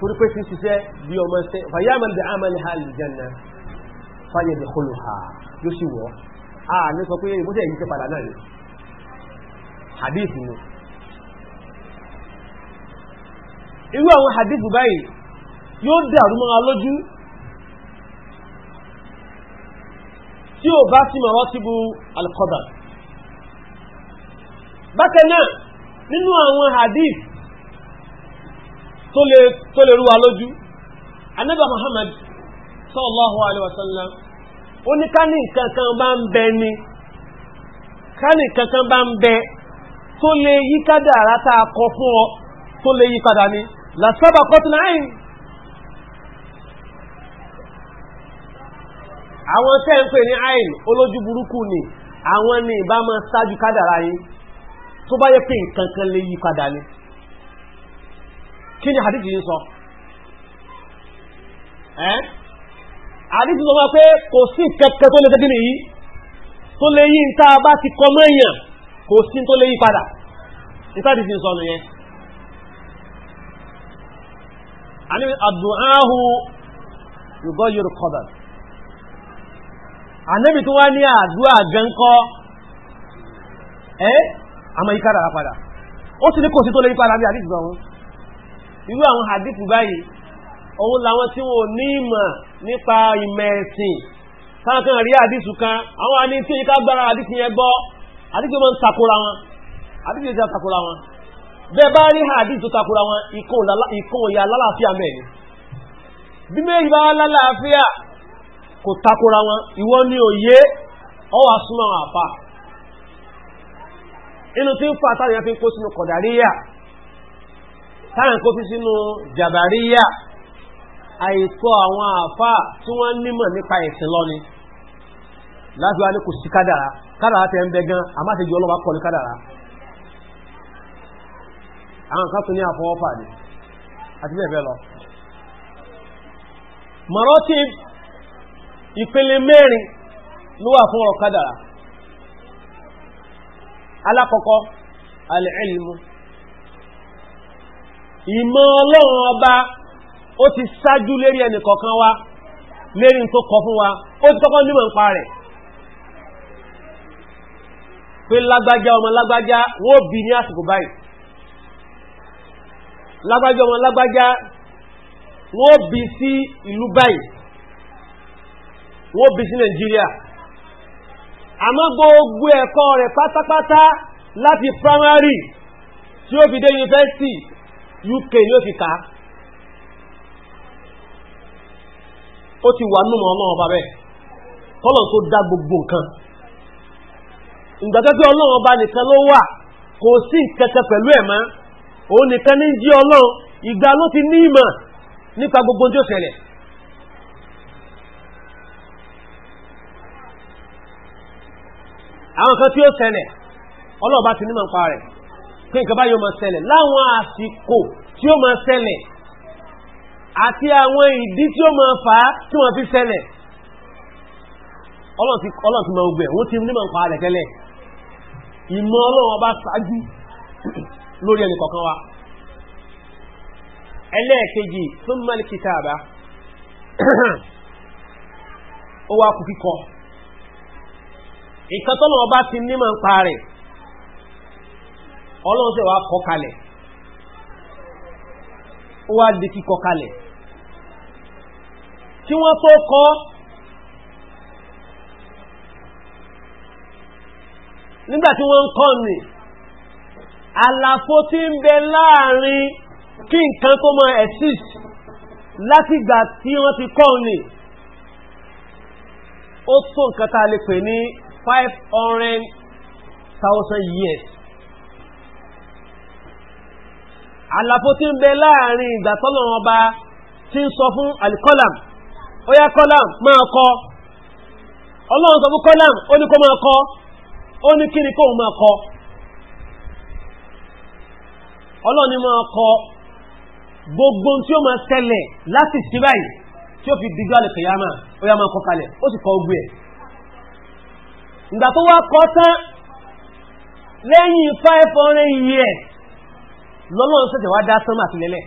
torí pé ti ṣiṣẹ́ bí ọmọ ṣe fàyàmà bí àmàlì ha àlìjànnà fàyè bí kọlù ha yóò sì wọ́ a ní sọ pé ìbúṣẹ́ yìí ti padà náà ni hadith ni irú àwọn hadith báyìí yóò dàrú mọ́ra lójú tí ó bá sí mọ̀rọ́ síbu alqadar bákan náà nínú àwọn hadith tó lè tó lè rúwa lójú anábà Muhammad sallallahu alaihi wasallam ó ní ká ní kankan bá ń bẹ ni ká ní kankan bá ń bẹ tó lè yí kádàrá tá a kọ fún ọ tó lè yí padà ni làṣàbà kọtùnà ẹ̀yìn àwọn tẹ́ ń pè ní àìn olójú burúkú ni àwọn ni ìbá máa ṣáájú kádàrá yín tó bá yẹ pé nǹkan kan lè yí padà ni kí ni hadith yìí sọ ẹ́ hadith sọ wọ́n pé kò sí kẹ́kẹ́ tó lè tẹ́kí nìyí tó lè yí níta bá ti kọmọ èèyàn kò sí tó lè yí padà níta hadith yìí sọ nìyẹn àní àdùnáhù yùgọ́ yorùkọ́dà ànẹ́bì tó wá ní àdúrà gẹ́ńkọ́ ẹ́ àmọ́ yí padà padà ó sì ní kò sí tó lè yí padà bí hadith sọ wọn irú àwọn hadith báyìí òun làwọn tí wọn ò ní ìmọ̀ nípa ìmọ̀ ẹ̀sìn káàkan rí hadith kan àwọn àní tí yíká gbára hadith yẹn gbọ́ hadith yẹn máa ń takora wọn hadith yẹn ti takora wọn bẹ́ẹ̀ bá rí hadith tó takora wọn ìkún ìyá lálàáfíà mẹ́rin bí méjì bá lálàáfíà kò takora wọn ìwọ ni òye ọwọ́ asúnmọ́ àwọn àfa inú tí ń fa àtàlẹ́yìn fi kó sínú kọ̀dàríyà táwọn kó sí sínú jàbàríyà àìtọ́ àwọn àfá tí wọ́n nípa ni láti wá ní kò sí kádàrá kádàrá ń bẹ gan àmáṣejì ọlọ́wà kọ́ ní kádàrá àwọn kan tún ní àfọwọ́fà ni àti bẹ́ẹ̀ bẹ́ẹ̀ lọ mọ̀rọ́tì ìpele mẹ́rin ló wà fún alákọ̀ọ́kọ́ ìmọ̀ ọlọ́run ọba ó ti ṣáájú lérí ẹnì kọ̀ọ̀kan wa lérí tó kọ fún wa ó ti kọ́kọ́ nímọ̀ nípa rẹ̀ pé lágbájá ọmọ lágbájá wọ́n bí ní àsìkò báyìí lágbájá ọmọ lágbájá wọ́n bí sí ìlú báyìí wọ́n bí sí Nàìjíríà àmọ́ gbogbo ẹ̀kọ́ rẹ̀ pátápátá láti primary tí ó fi dé yunifásitì uk ló fi ka ó ti wà nínú ọlọ́run ọba bẹ́ẹ̀ kọ́lọ̀ tó gbogbo nǹkan ìgbàgbẹ́ pé ọlọ́run ọba nìkan ló wà kò sí ìkẹ́kẹ́ pẹ̀lú ẹ̀ mọ́ òun nìkan ní jí ọlọ́run gbogbo tí ó ṣẹlẹ̀ àwọn kan tí ó ṣẹlẹ̀ ọlọ́ọ̀bá ti nímọ̀ pé nǹkan báyìí ó máa ṣẹlẹ̀ láwọn àsìkò tí ó máa ṣẹlẹ̀ àti àwọn ìdí tí ó máa fà á tí wọ́n fi ṣẹlẹ̀ ọlọ́run ti mọ ogbẹ̀ wọ́n ti nímọ̀ pa rẹ̀ tẹ́lẹ̀ ìmọ̀ ọlọ́run bá ṣáájú lórí ẹnì kọ̀ọ̀kan wa ẹlẹ́ẹ̀kejì fún mẹ́lìkítà àbá ó wá kú kíkọ ìkan tọ́lọ́run bá ti nímọ̀ pa rẹ̀ ọlọ́run sẹ̀ wá kọ́ kalẹ̀ ó wá di kíkọ́ kalẹ̀ tí wọ́n tó kọ́ nígbà tí wọ́n ń kọ́ ni àlàfo tí ń bẹ láàrin kí nǹkan tó mọ exist látìgbà tí wọ́n ti kọ́ ni ó tó nǹkan tá a lè pè ní five hundred thousand years àlàfo tí ń bẹ láàrin ìgbà tọ́lọ́run ọba tí ń sọ fún alikọ́làm ó yá kọ́làm máa kọ́ ni kó máa gbogbo tí ó máa tẹ́lẹ̀ láti sí báyìí tí fi digbó alìkìyàmà ó yá máa kọ́ kalẹ̀ ó sì kọ́ ogun ẹ̀ ìgbà tó wá 500 years lọ́lọ́run ṣẹ̀ṣẹ̀ wá dá sánmà àtìlẹ́lẹ̀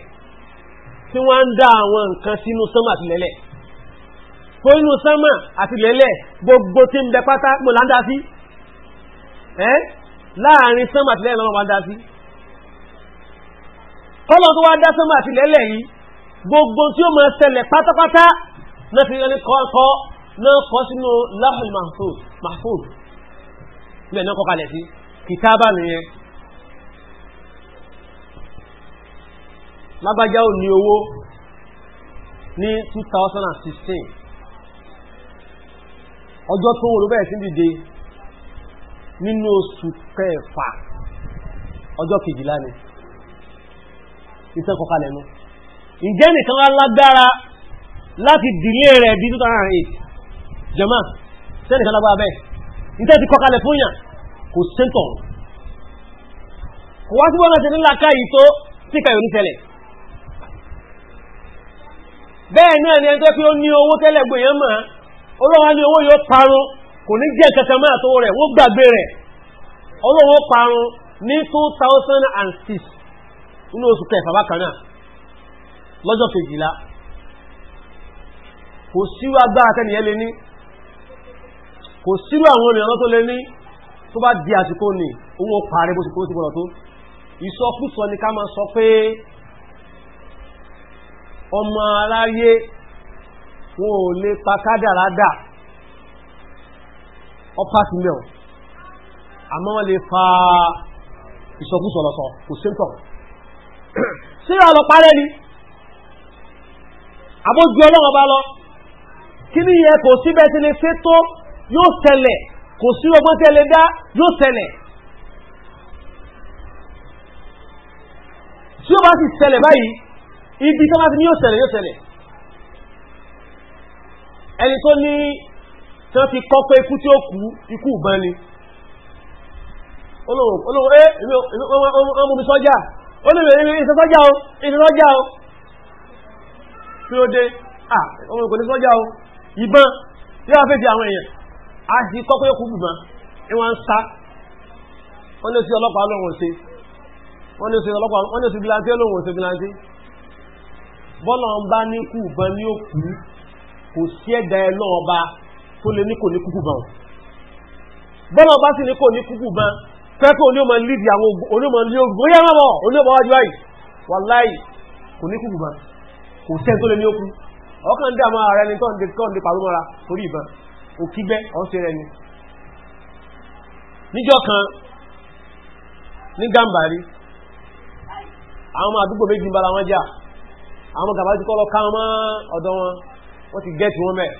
tí wọ́n ń dá àwọn nǹkan sínú sánmà àtìlẹ́lẹ̀ tó inú sánmà àtìlẹ́lẹ̀ gbogbo tí ń bẹ pátá mo là ń dá sí ẹ́ láàrin sánmà àtìlẹ́lẹ̀ lọ́lọ́run wá dá sí kọ́lọ́n tó wá dá sánmà àtìlẹ́lẹ̀ yìí gbogbo tí ó máa ṣẹlẹ̀ pátápátá náà fi rẹ́ni kọ́kọ́ náà kọ́ sínú láhùn mahfud mahfud ilẹ̀ náà kọ́kalẹ̀ sí kìtábà nìyẹn lágbájá ò ní owó ní 2016 ọjọ́ tó wọ́n ló bẹ̀rẹ̀ sí dìde nínú oṣù kẹfà ọjọ́ kejìlá ni iṣẹ́ kọkalẹ̀ nú ǹjẹ́ nìkan lágbára láti dìlé rẹ̀ bí 2008 jẹ́mà sẹ́nìkan lágbára bẹ́ẹ̀ ìtẹ́ ti kọkalẹ̀ fún yàn kò sẹ́ntọ̀ kò wá sí wọ́n láti nílá káyìí tó síkà yóò ní tẹ́lẹ̀ bẹ́ẹ̀ náà ni ẹni tó pé ó ní owó tẹ́lẹ̀ gbèyàn mọ́ ọlọ́wọ́ ní owó yóò parun kò ní jẹ́ kankan máa tó rẹ̀ wọ́n gbàgbé rẹ̀ ọlọ́wọ́ parun ní 2006 inú oṣù kẹfà bákan lọ́jọ́ kejìlá kò sírú agbára tẹ́niyẹ lé ní kò sírú àwọn olùyànlọ́ tó lé ní tó bá di àsìkò ní owó parí bó ti sí tó ìsọkúsọ ni ọmọ aráyé wọn ò lè pa kádàrádà ọpá sílẹ̀ ọ̀ àmọ́ wọ́n lè fa ìsọkúsọ lọ́sọ kò sí tọ̀ sí ọlọ́ parẹ́ ni àbójú ọlọ́wọ́ bá lọ kí ni yẹ kò síbẹ̀ tí lè fẹ́ tó yóò ṣẹlẹ̀ kò sí ọgbọ́n tí lè yóò ṣẹlẹ̀ tí ó bá sì ṣẹlẹ̀ báyìí ibi tó bá ti ní yóò ṣẹlẹ̀ yóò ṣẹlẹ̀ ẹni tó ní tí wọ́n ti kọ́ pé ikú tí ó kú ikú ìbọn ni olówó ẹ́ ọmọ mi sọ́jà olówó ẹ́ ìṣẹ́ sọ́jà o ìṣẹ́ sọ́jà o kí ló dé ah ọmọ ìkòlé sọ́jà o ìbọn tí wọ́n fẹ́ di àwọn èèyàn a ti kọ́ pé ikú ìbọn ni wọ́n ń sá wọ́n lé sí ọlọ́pàá lóhùn sí wọ́n lé sí ọlọ́pàá wọ́n lé sí gilante lóhùn sí gilante bọ́lọ̀ ń bá ní kú ìbọn ní òkú kò sí ẹ̀dá ẹ lọ́wọ́ bá tó lè ní kò ní kúkú bọ́n bọ́lọ̀ bá sì ní kò ní kúkú bọ́n pẹ́pẹ́ onímọ̀ lídì àwọn onímọ̀ ní ogun oyá mọ́ onímọ̀ wájú àì wàláì kò ní kúkú bọ́n kò sẹ́ tó lè ní òkú ọkàn dá máa rẹ ni tó ń de tó ń de pàrọ̀ mọ́ra torí ìbọn òkígbẹ́ ọ̀sẹ̀ rẹ ni níjọ́ kan ní gàmbàrí àwọn àdúgbò méjì ń bára wọn jà àwọn gàbá ti kọ́lọ́ ká mọ́ ọ̀dọ́ wọn wọ́n ti gẹ́ẹ̀tì wọn bẹ́ẹ̀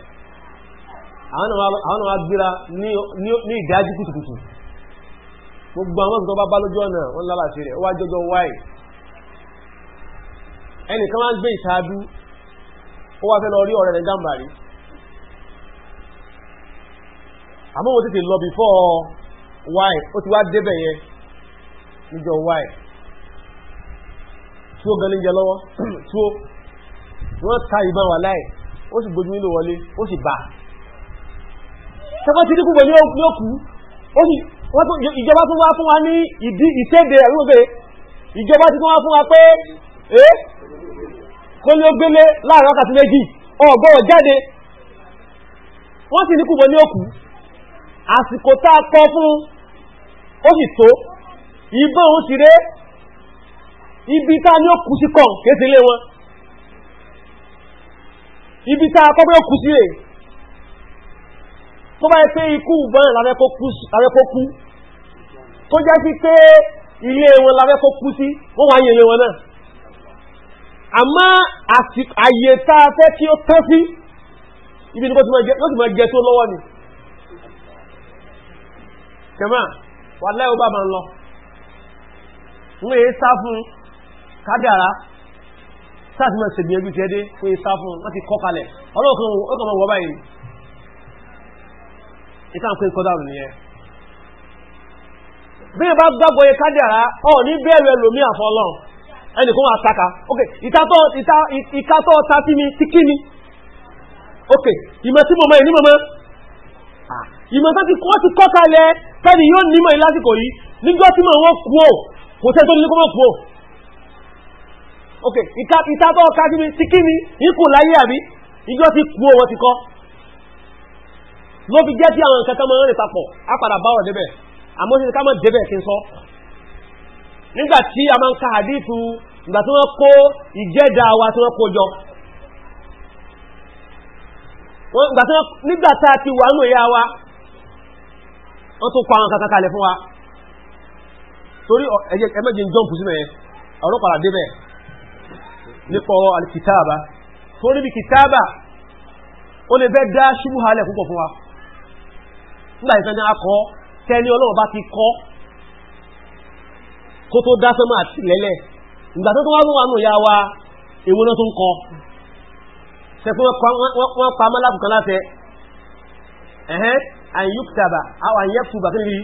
àwọn náà wá gbéra ní ìdájí kùtùkùtù gbogbo àwọn ọ̀sán tó bá bá lójú ọ̀nà wọn lára ṣe rẹ̀ ó wá jọjọ wáì ẹnìkan máa ń gbé ìṣáájú ó wá fẹ́ lọ rí ọ̀rẹ́ rẹ̀ jàǹbá rí àmọ́ mo tètè lọ before wáì ó ti wá débẹ̀ yẹn níjọ wáì tí ó ganin jẹ lọ́wọ́ tí *clears throat* ó wọ́n ta ìbọn wà láì ó sì gbójú nílò wọlé ó sì bá sọpọ́tí dínkù pẹ̀lú òkú ìjọba tún wá fún wa ní ìdí ìṣẹ́dẹ̀ àríwọ̀gbẹ̀ ìjọba tún wá fún wa pé eh kó ní ó gbélé láàrin wákàtí méjì ọgbọ́rọ̀ jáde wọ́n sì dínkù pẹ̀lú òkú àsìkò tá a kọ fún ó sì tó ìbọn òun sì rẹ́ ibi tá ní ó kú sí kàn kéèsì lé wọn ibi tá akọ́bẹ̀ ó kú sí rẹ̀ tó bá yẹ pé ikú ìbọn lábẹ́ kó kú tó jẹ́ sí pé ilé wọn lábẹ́ kó kú sí wọ́n wá yẹ̀lẹ̀ wọn náà àmọ́ àyè tá a fẹ́ kí ó tán sí ibi ní kó ti máa jẹ tó lọ́wọ́ ni kẹmà wà láì ó bá máa ń lọ wọ́n èé sá fún un kádàrá sáàtì máa ṣe gbìyànjú ti ẹdé fún ìsá fún wọ́n ti kọ́ kalẹ̀ ọlọ́ọ̀kan ó kàn máa wọ́ báyìí ìta ń pè kọ́dà rù nìyẹn bí ẹ bá gbàgbọ́ yẹ kádàrá ọ ní bẹ́ẹ̀rẹ̀ lómi àfọlọ́ ẹnì kan wà ok ìkatọ́ ta sí mi ti kí ni ok ìmọ̀ tí mo mọ ìní mọ̀mọ́ ìmọ̀ tó ti kọ́ ti kọ́ kalẹ̀ tẹ́ni yóò nímọ̀ ìlásìkò yìí nígbà tí mo wọ́n kú ò kò tẹ́ tó ní kó mọ̀ kú ò ok ìta tó ọ̀ka sí mi ti kí mi ikú láyé àbí ìjọ ti kú owó ti kọ́ ló fi jẹ́ tí àwọn nǹkan kan máa ń rìn papọ̀ á padà bá ọ̀rọ̀ débẹ̀ àmọ́ sí ká máa débẹ̀ kí n sọ nígbà tí a máa ń ka àdífù ìgbà tí wọ́n kó ìjẹ́dà wa tí wọ́n kó jọ nígbà tá a ti wà nù ìyá wa wọ́n tún kọ àwọn kankan kalẹ̀ fún wa torí ẹ̀mẹ́jì ń jọ́ǹpù sínú ẹ̀ ọ̀rọ̀ padà débẹ̀ nípa ọ̀rọ̀ alìkìtàbà tó níbi kìtàbà ó lè fẹ́ dá ṣubú halẹ̀ púpọ̀ fún wa nígbà ìfẹ́ ní akọ tẹ́ni ọlọ́run bá ti kọ́ kó tó dá sọ́mọ́ àtìlẹ́lẹ̀ ìgbà tó tó wá wà nù ya wa èwo náà tó ń kọ sẹ́kún wọ́n pa mọ́lá kùkan láfẹ́ ẹ̀hẹ́n àyùkùtàbà àwọn àyẹ̀kùtàbà tó rí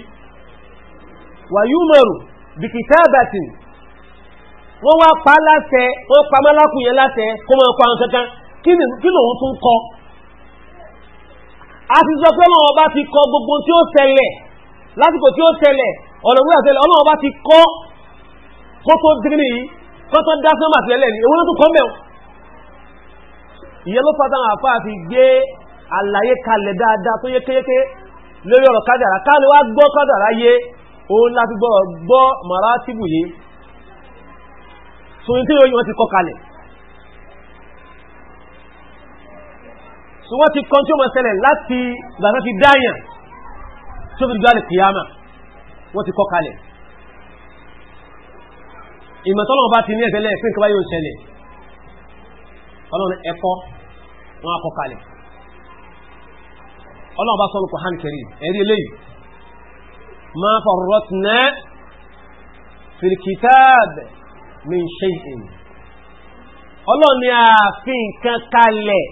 wàyúmọ̀rù bìkìtàbà wọ́n wá pa láṣẹ wọ́n pa mọ́lákùn yẹn láṣẹ kó mọ́ pa àwọn kankan kí lòun tún kọ a ti sọ pé ọlọ́run ọba ti kọ gbogbo tí ó ṣẹlẹ̀ lásìkò tí ó ṣẹlẹ̀ ọ̀nà ìwé àṣẹlẹ̀ ọlọ́run ọba ti kọ kó tó dín ní kó tó dá sọ́mà sílẹ̀ ní ewúrẹ́ tó kọ́ mẹ́wọ́ ìyẹn ló fata àwọn àfáà fi gbé àlàyé kalẹ̀ dáadáa tó yé kéyéké lórí ọ̀rọ̀ kádàrá káàlù wá gbọ́ kádàrá yé òun láti gbọ́ gbọ́ màrá tìbù yìí so ní tí yóò yọ ti kọ kalẹ̀ so wọ́n ti kọ́ tí ó mọ̀ ṣẹlẹ̀ láti gbàtà fi dáyàn tí ó fi gbà lè kìyàmà wọ́n ti kọ kalẹ̀ ìmọ̀tọ́lọ̀ bá ti ní ẹ̀tẹ́lẹ̀ fún ìkọba yóò ṣẹlẹ̀ ọlọ́run ẹ̀kọ́ wọn min shay'in ọlọ́run ni a fi nǹkan kalẹ̀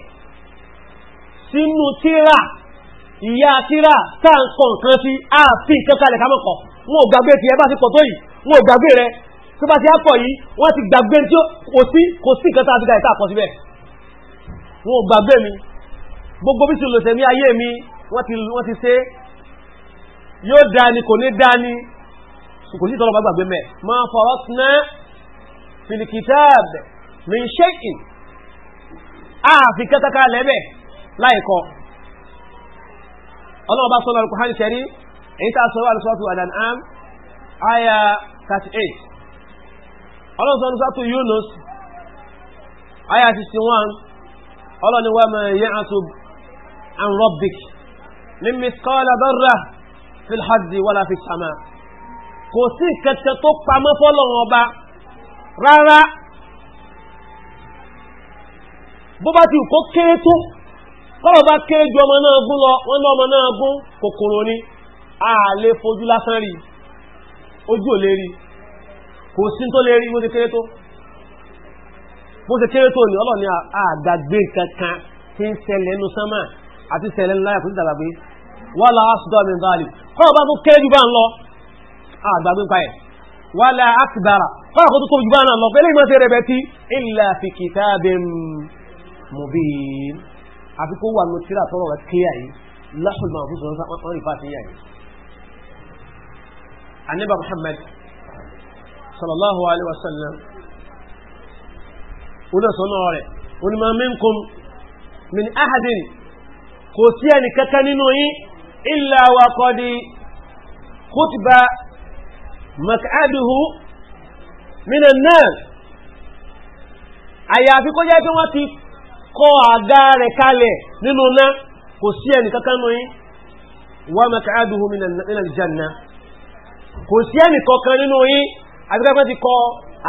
sínú tíra ìyá tíra táǹkọ̀ nǹkan sí a fi nǹkan kalẹ̀ kámọ́kọ̀ wọn ò gbàgbé ti ẹ bá ti pọ̀ tó yìí wọn ò gbàgbé rẹ tó bá ti á pọ̀ yìí wọ́n ti gbàgbé tí kò sí kò sí nǹkan tá a fi ga ìta àpọ̀ síbẹ̀ wọn ò gbàgbé mi gbogbo bí ti lòsẹ̀ ní ayé mi wọ́n ti ṣe yóò dáa ni kò ní dáa ni kò sí tọ́lọ́ bá gbàgbé mẹ́ máa fọwọ́ sinẹ́ filikitab min shay'in àfi kẹtàkà lẹ́bẹ̀ láìkọ ọlọ́wọ́ bá sọ́nà alukùhán ṣẹ́rí èyí tá a sọ́rọ̀ alùsọ́tù al-An'am aya 38 ọlọ́wọ́ sọ́nà alùsọ́tù Yunus aya 61 ọlọ́ni wa ma ya'tub an rabbik min mithqala dharra fil haddi wala fis sama kò sí kẹtẹ tó pamọ́ fọ́lọ́wọ́ ọba rárá bó bá ti kó kéré tó bá kéré ju ọmọ náà gún lọ wọ́n lọ náà gún kòkòrò ní ààlè fojú lásán rí ojú ò lè rí kò sí tó lè rí bó ti kéré tó ti kéré tó ọlọ́ àgbàgbé kankan tí ń ṣẹlẹ̀ ẹnu sánmà àti ṣẹlẹ̀ ńlá ẹ̀kọ́ ti dàgbàgbé wọ́n lọ asùdọ́ mi bá tó kéré bá ń lọ àgbàgbé wàlá akbara fáwọn kò tó tóbi jù bá náà lọ pé léyìn máa ṣe rẹ̀ tí illa fi kitabin mubin àfi kó wà ní tíra tọrọ rẹ̀ kíyà yìí lásùn máa fún sọ̀rọ̀ wọn rí fàtí yà yìí. anaba muhammad sallallahu alaihi wasallam wọ́n sọ náà rẹ̀ wọ́n ni ma minkum min ahadin kò sí ẹni kankan nínú yín illa wa qad mọ̀kádùhù mínà náà àyàfi kó jẹ́ pé wọ́n ti kọ àga rẹ̀ kalẹ̀ nínú náà kò sí ẹni kankan nù yín wà mọ̀kádùhù mínà jẹ́nà kò sí ẹni kankan nínú yín àbíkẹ́ pẹ́ ti kọ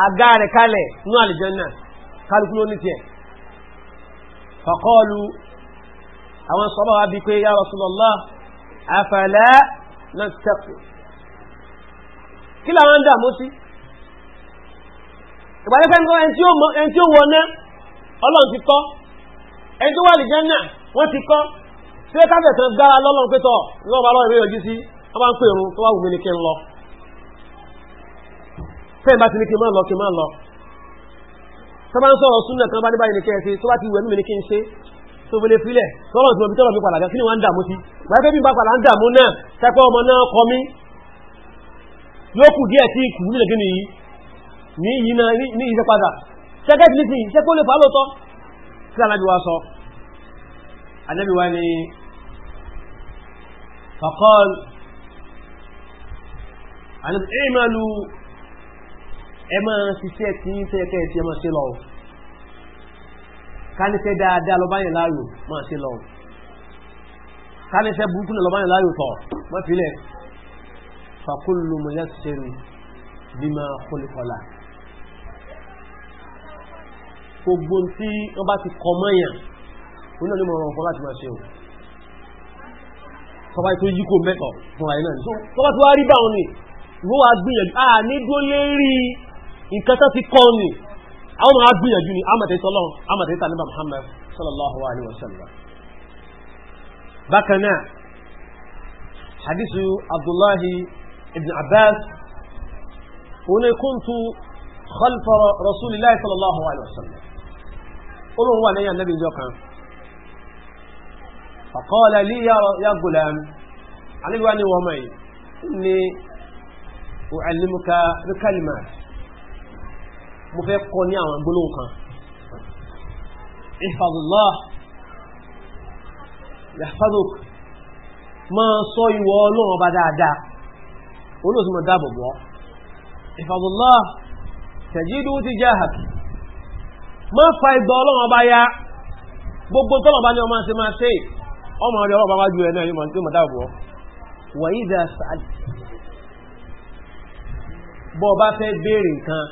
àga rẹ̀ kalẹ̀ nínú àlìjẹ́nà kálukú ló ní tiẹ̀ fàkọ́ọ̀lù àwọn sọ́bà wa bí pé yá Rasulullah afẹ́lẹ́ náà tẹ́kù kí làwọn ń dààmú sí ìpàdé fẹ́ ń kọ́ ẹni tí ó wọ ná ọlọ́run ti kọ́ ẹni tó wà lè jẹ́ náà wọ́n ti kọ́ sí ẹ káfẹ̀ tán gbára lọ́lọ́run pé tọ̀ lọ́wọ́ bá lọ́wọ́ ìwé yọjú sí wọ́n bá ń pè òun tó wà wù mí ní kí n lọ fẹ́ẹ̀ bá ti ní kí n máa lọ kí n máa lọ tó bá ń sọ̀rọ̀ súnà kan bá ní báyìí kí ẹ ṣe tó bá ti wù ẹ̀mí mi ní kí n ṣe tó fi lè filẹ̀ tọ́lọ̀ tí mo fi tọ́lọ̀ mi padà yóò kù díẹ̀ tí kù nílẹ̀ gíní yìí ní yìí náà ní iṣẹ́ padà second meeting iṣẹ́ kó lè fà lóòótọ́ tí anábíwá sọ anábíwá ni faqal ìmọ̀lù ẹ máa ṣiṣẹ́ tí ń fẹ́ kẹ́ ti ẹ máa ṣe lọ kánífẹ́ dáadáa lọ báyìí láàyò máa ṣe lọ kánífẹ́ burúkú lọ báyìí láàyò tọ̀ mọ́ فكل ميسر بما خلق له gbogbo tí wọ́n bá ti kọ mọ́yàn oní ọdún mọ̀ràn fún láti máa ṣe o tọba ètò yíkò mẹ́kọ̀ fún àìyàn náà tọba tí wá rí báwọn ni wọ́n wá gbìyànjú à ní dó lérí nǹkan tó ti kọ́ ni àwọn máa gbìyànjú ni amàtẹ́tọ́lọ́ amàtẹ́tà ibn abbas òun ni kúntù khalfa rasulillahi sallallahu alayhi wa sallam olóhùn wà lẹ́yìn anábì ìjọ kan faqala li ya gulam alẹ́gbẹ̀wá ni wọ́n mọ̀ yìí ni u'allimuka bi kalimat mo fẹ́ kọ́ ní àwọn gbólóhùn kan ihfazullah yahfazuk máa sọ ìwọ ọlọ́run ọba dáadáa olóòsùnmọ̀ dáàbò bọ́ ìfàbùlá tẹ̀jídú ti jẹ́ àhàkì má fa ìgbọ́ ọlọ́wọ́n bá yá gbogbo tọ́lọ̀ bá ní ọmọ ti máa ṣe ọmọ rẹ̀ ọlọ́wọ́ bá wájú ẹ̀ náà yóò mọ̀ dáàbò bọ́ wàyí dà sáàdì bọ́ bá fẹ́ béèrè nǹkan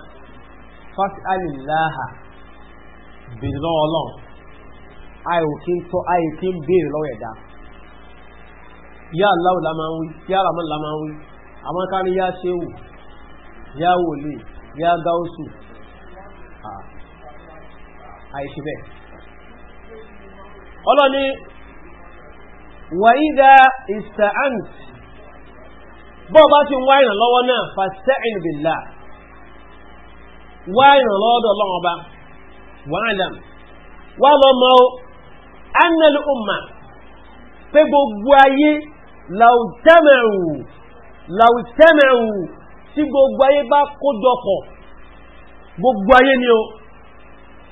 fásitìláhà bèèrè lọ́wọ́ ọlọ́run àìòkè ń tọ́ àìòkè ń béèrè lọ́wọ́ ẹ̀dá yá aláwọ̀ máa ń wí yá aláwọ̀ máa ń wí àwọn kan ní yá ṣéwù yá wòlíì yá gáúsù àìṣe bẹ́ẹ̀. ọlọ́ni wàídà ìsàáǹt bọ́ bá ti wá ìrànlọ́wọ́ náà fasta'in billah wá ìrànlọ́wọ́ dọ̀ lọ́wọ́ bá wa'lam wá lọ mọ́ annal umma pé gbogbo ayé law làwùsẹ́mẹ̀hù tí gbogbo ayé bá kójọpọ̀ gbogbo ayé ni o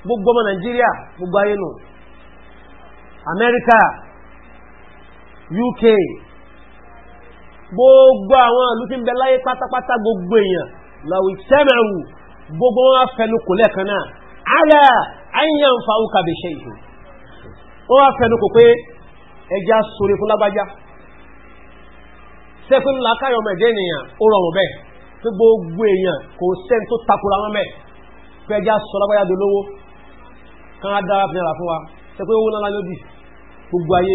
gbogbo ọmọ nàìjíríà gbogbo ayé nù amẹ́ríkà uk gbogbo àwọn ìlú tí ń bẹ láyé pátápátá gbogbo èèyàn làwùsẹ́mẹ̀hù gbogbo wọn fẹnu kò lẹ́ẹ̀kan náà alẹ́ àyàn fàáwù kàbíṣẹ́ ìhù wọ́n fẹnu kò pé ẹja sórí fún lágbájá sẹ́kùn làákàyọ̀ ọmọ ẹ̀dẹ́ ènìyàn ó rọrùn bẹ́ẹ̀ tó gbogbo èèyàn kò sẹ́ni tó takura wọn bẹ́ẹ̀ pé ẹja sọ lágbáyà dolówó kan á dára fi nàrà fún wa sẹ́kùn owó náà lódì gbogbo ayé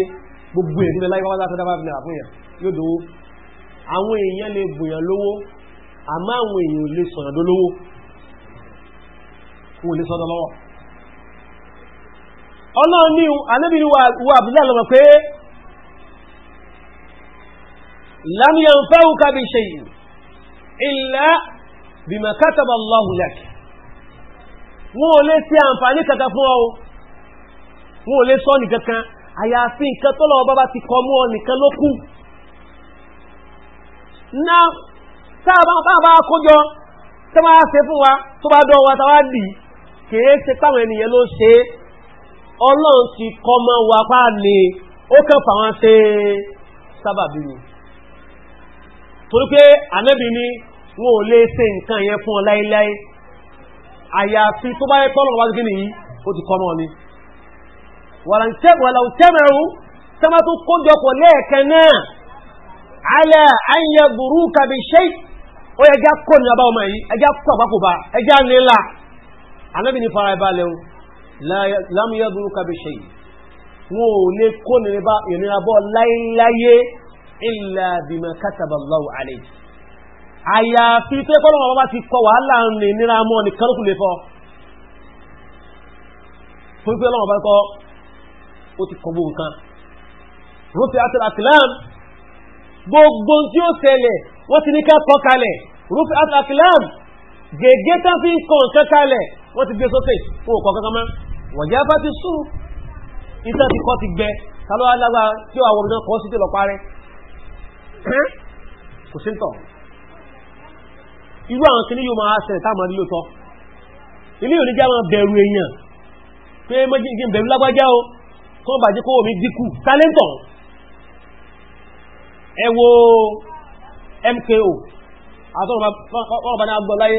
gbogbo èèyàn nílẹ̀ láyé wá láti dára fi nàrà fún yàn yóò dówó àwọn èèyàn lè bùyàn lówó àmọ́ àwọn èèyàn ò lè sọ̀yàn dolówó kò lè sọ́dọ̀ lọ́wọ́ ọlọ́run ní anábìrin wa abdullahi pé لم ينفعك بشيء إلا بما كتب الله لك. lak wọn ò lè ṣe àǹfààní kata fún ọ wọn ò lè sọ nìkan kan àyàfi nǹkan tó lọ́wọ́ bábá ti kọ mú ọ nìkan ló kù náà táàbá kójọ tó bá ṣe fún wa tó bá dán wa dì kìí ṣe táwọn ènìyàn ló ṣe ọlọ́run ti kọ́ mọ́ wa pa ó kàn wọn ṣe sábàbí ni torí pé ànábì ní wọn ò lè ṣe nǹkan yẹn fún ọ láíláí àyàfi tó bá yẹ pọ́lọ̀ wá gíní yìí ó ti kọ́mọ́ ni wàlàù tẹ́mẹ̀rún tẹ́mẹ́ tó kójọpọ̀ lẹ́ẹ̀kan náà alẹ́ ayẹ burú kàbí ṣe ó yẹ já kó ní abá ọmọ yìí ẹjá kó àpapọ̀bá ẹjá nílà ànábì ní fara ìbálẹ̀ o lámúyẹ burú kàbí ṣe wọn ò lè kó nìrìbá ìrìnàbọ̀ láíláyé illa bima kataba Allahu alayhi àyàfi pé kọ́lọ́wọ́ bá ti kọ wàhálà ní nira mọ́ ní kálukú lè fọ́ fún pé ọlọ́wọ́ bá kọ́ ó ti kọ gbogbo nǹkan rufi atil akilam gbogbo tí ó ṣẹlẹ̀ wọ́n ti ní ká kọ kalẹ̀ rufi atil akilam gègé tá fi ń kọ nǹkan kalẹ̀ wọ́n ti gbé sókè fún òkọ kankan mọ́ wọ̀já bá ti sùn ìtàn ti kọ́ ti gbẹ ta ló tí ó àwọn ọmọdé kọ́ sí tí lọ parẹ́ kò sí tọ̀ irú àwọn kìíní yóò máa ṣẹlẹ̀ táàmà nílò tọ́ ilé ìrìn jẹ́ àwọn bẹ̀rù èèyàn pé méjì ìgbìn bẹ̀rù lágbájá o kọ́ bàjẹ́ kó omi dínkù tálẹ́ntọ̀ ẹ MKO àtọ́rọ̀bá náà gbọ́ láyé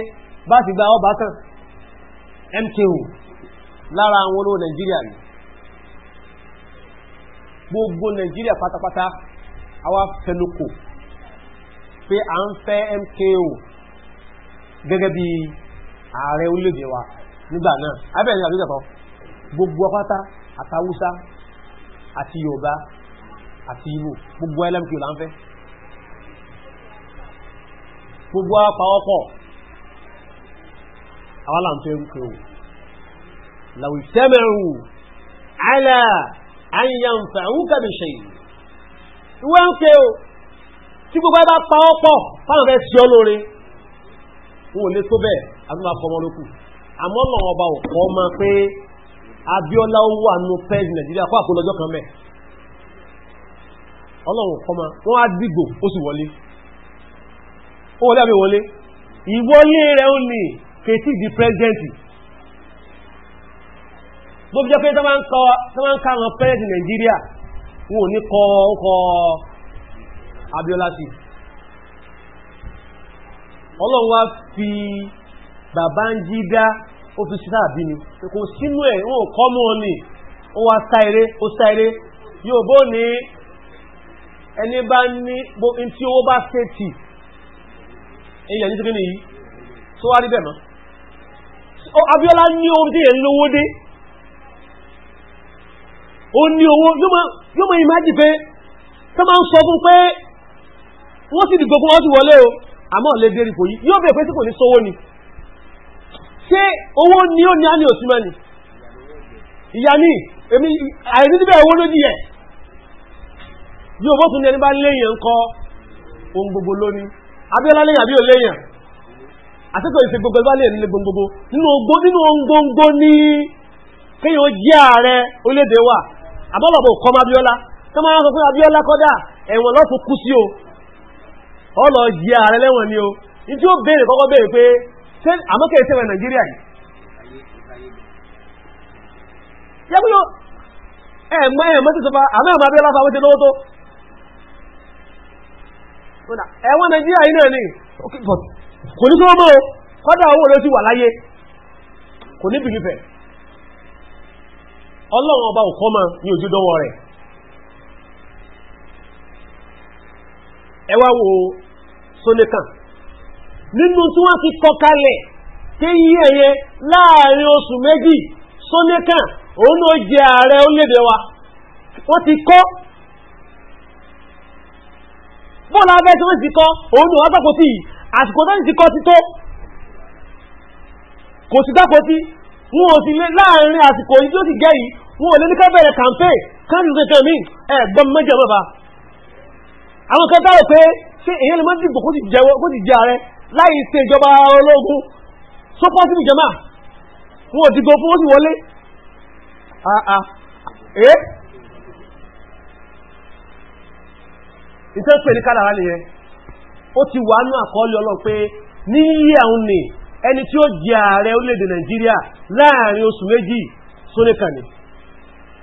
bá ti gba ọba kan MKO lára àwọn olówó Nàìjíríà gbogbo Nàìjíríà pátápátá àwa fẹnukò pé à ń fẹ́ MKO gẹ́gẹ́ bí ààrẹ orílẹ̀-èdè wa nígbà náà abẹ́rẹ́ àbí ìjọba gbogbo apáta àtàwùsá àti Yorùbá àti Ìgbò gbogbo LMK là ń fẹ́ gbogbo apáwọ́pọ̀ àwọn là ń fẹ́ MKO làwùsẹ́mẹ̀rù àìlà àyíyàn fàáwùkà bìṣẹ̀yìn ìwé ń pe o tí gbogbo ẹ bá pa ọ́ pọ̀ fáwọn fẹ́ sí ọ lóore wọn ò lè tó bẹ́ẹ̀ àbí máa fọmọ lókù àmọ́ náà ọba ò kọ́ ma pé Abíọ́lá ó wà nù pẹ́ẹ́sì Nàìjíríà kó àpò lọ́jọ́ kan mẹ́ ọlọ́run kọ́ ma wọ́n á dìgbò ó sì wọlé ó wọlé àbí wọlé ìwọlé rẹ̀ ó ní kètì di pẹ́sidẹ́ntì gbogbo jẹ́ pé tó máa ń ka àwọn pẹ́ẹ́sì Nàìjíríà wọn ò ní kọ ọkọ̀ Abiola sí ọlọ́run wá fi Babangida ó fi ṣe sáàbí ni kò sínú ẹ̀ wọn ò kọ́ mọ́ ọ ní ó wá sáire ó sáire yóò bó ní ẹni bá ní tí owó bá ṣe tì èyàn ní ti kí ni yìí tó wá rí bẹ̀ mọ́ Abiola ní orí ẹ̀ lówó dé ó ní owó yóò mọ̀ ìmájì pé tó máa ń sọ fún pé wọ́n sì dìgbò fún wọ́n ti wọlé o àmọ́ lè dérí kò yí yóò bèèrè pé tí kò ní sówó ni ṣé owó ni ó ní á ní òsìmọ́ ni ìyá ní èmi àìrí níbẹ̀ owó ló díẹ̀ yóò bó tún ní ẹni bá léèyàn kọ ohun gbogbo lóní abíọ́lá léèyàn àbí ò léèyàn àtẹ́tọ̀ ìṣe gbogbo ẹgbẹ́ léèyàn nílé gbogbo nínú ohun gbogbo ní kéèyàn jẹ́ ààrẹ orílẹ̀-èdè wa àbọ́bàbò kọmọ abíọ́lá tó máa sọ fún abíọ́lá kọ́dá ẹ̀wọ̀n lọ́tún kú sí o ọlọ jí ààrẹ lẹ́wọ̀n ni o ní tí ó bèèrè kọ́kọ́ bèèrè pé àmọ́kẹ́ ìṣẹ́wẹ̀ nàìjíríà yìí yẹ́kúyọ́ ẹ̀mọ́ ẹ̀mọ́ sí sọfà àmọ́ ẹ̀mọ́ abíọ́lá fáwọn ti lọ́wọ́ tó ẹ̀wọ̀n nàìjíríà yìí náà ni kò ní sọ́mọ́ kọ́dá owó ló ti wà láyé kò ní bìlífẹ̀ẹ́ ọlọ́run ọba òkọ́ ma ní ojú dánwọ́ rẹ̀ ẹwà wo sónẹ́kàn nínú tí wọ́n ti kọ kalẹ̀ tí yí ẹ̀yẹ láàrin oṣù méjì sónẹ́kàn òun ló jẹ ààrẹ orílẹ̀-èdè wa wọ́n ti kọ́ bọ́ọ̀lá abẹ́ tí wọ́n ti kọ́ òun ló wọ́n gbàgbọ́ sí àsìkò tó ń ti kọ́ ti tó kò wọn ò sì lé láàrin àsìkò yìí tó sì gẹ́ yìí wọn ò lé ní ká bẹ̀rẹ̀ campaign káàdì kankan mi ẹ̀ gbọ́n mẹ́jọ mọ́ba àwọn kan dáwọ̀ pé ṣé èyí lè má dìbò kó sì jẹ ààrẹ láì ṣe ìjọba ológun so possible jama wọn ò dìbò fún ó sì wọlé ẹ́ eh? ìtẹ́pẹ̀ ní kádàrá nìyẹn ó ti wà nú àkọọ́lẹ̀ ọlọ́ pé ní yíyà òun nìyẹn ẹni tí ó jẹ ààrẹ orílẹ̀-èdè nàìjíríà láàrin oṣù méjì sólékan ni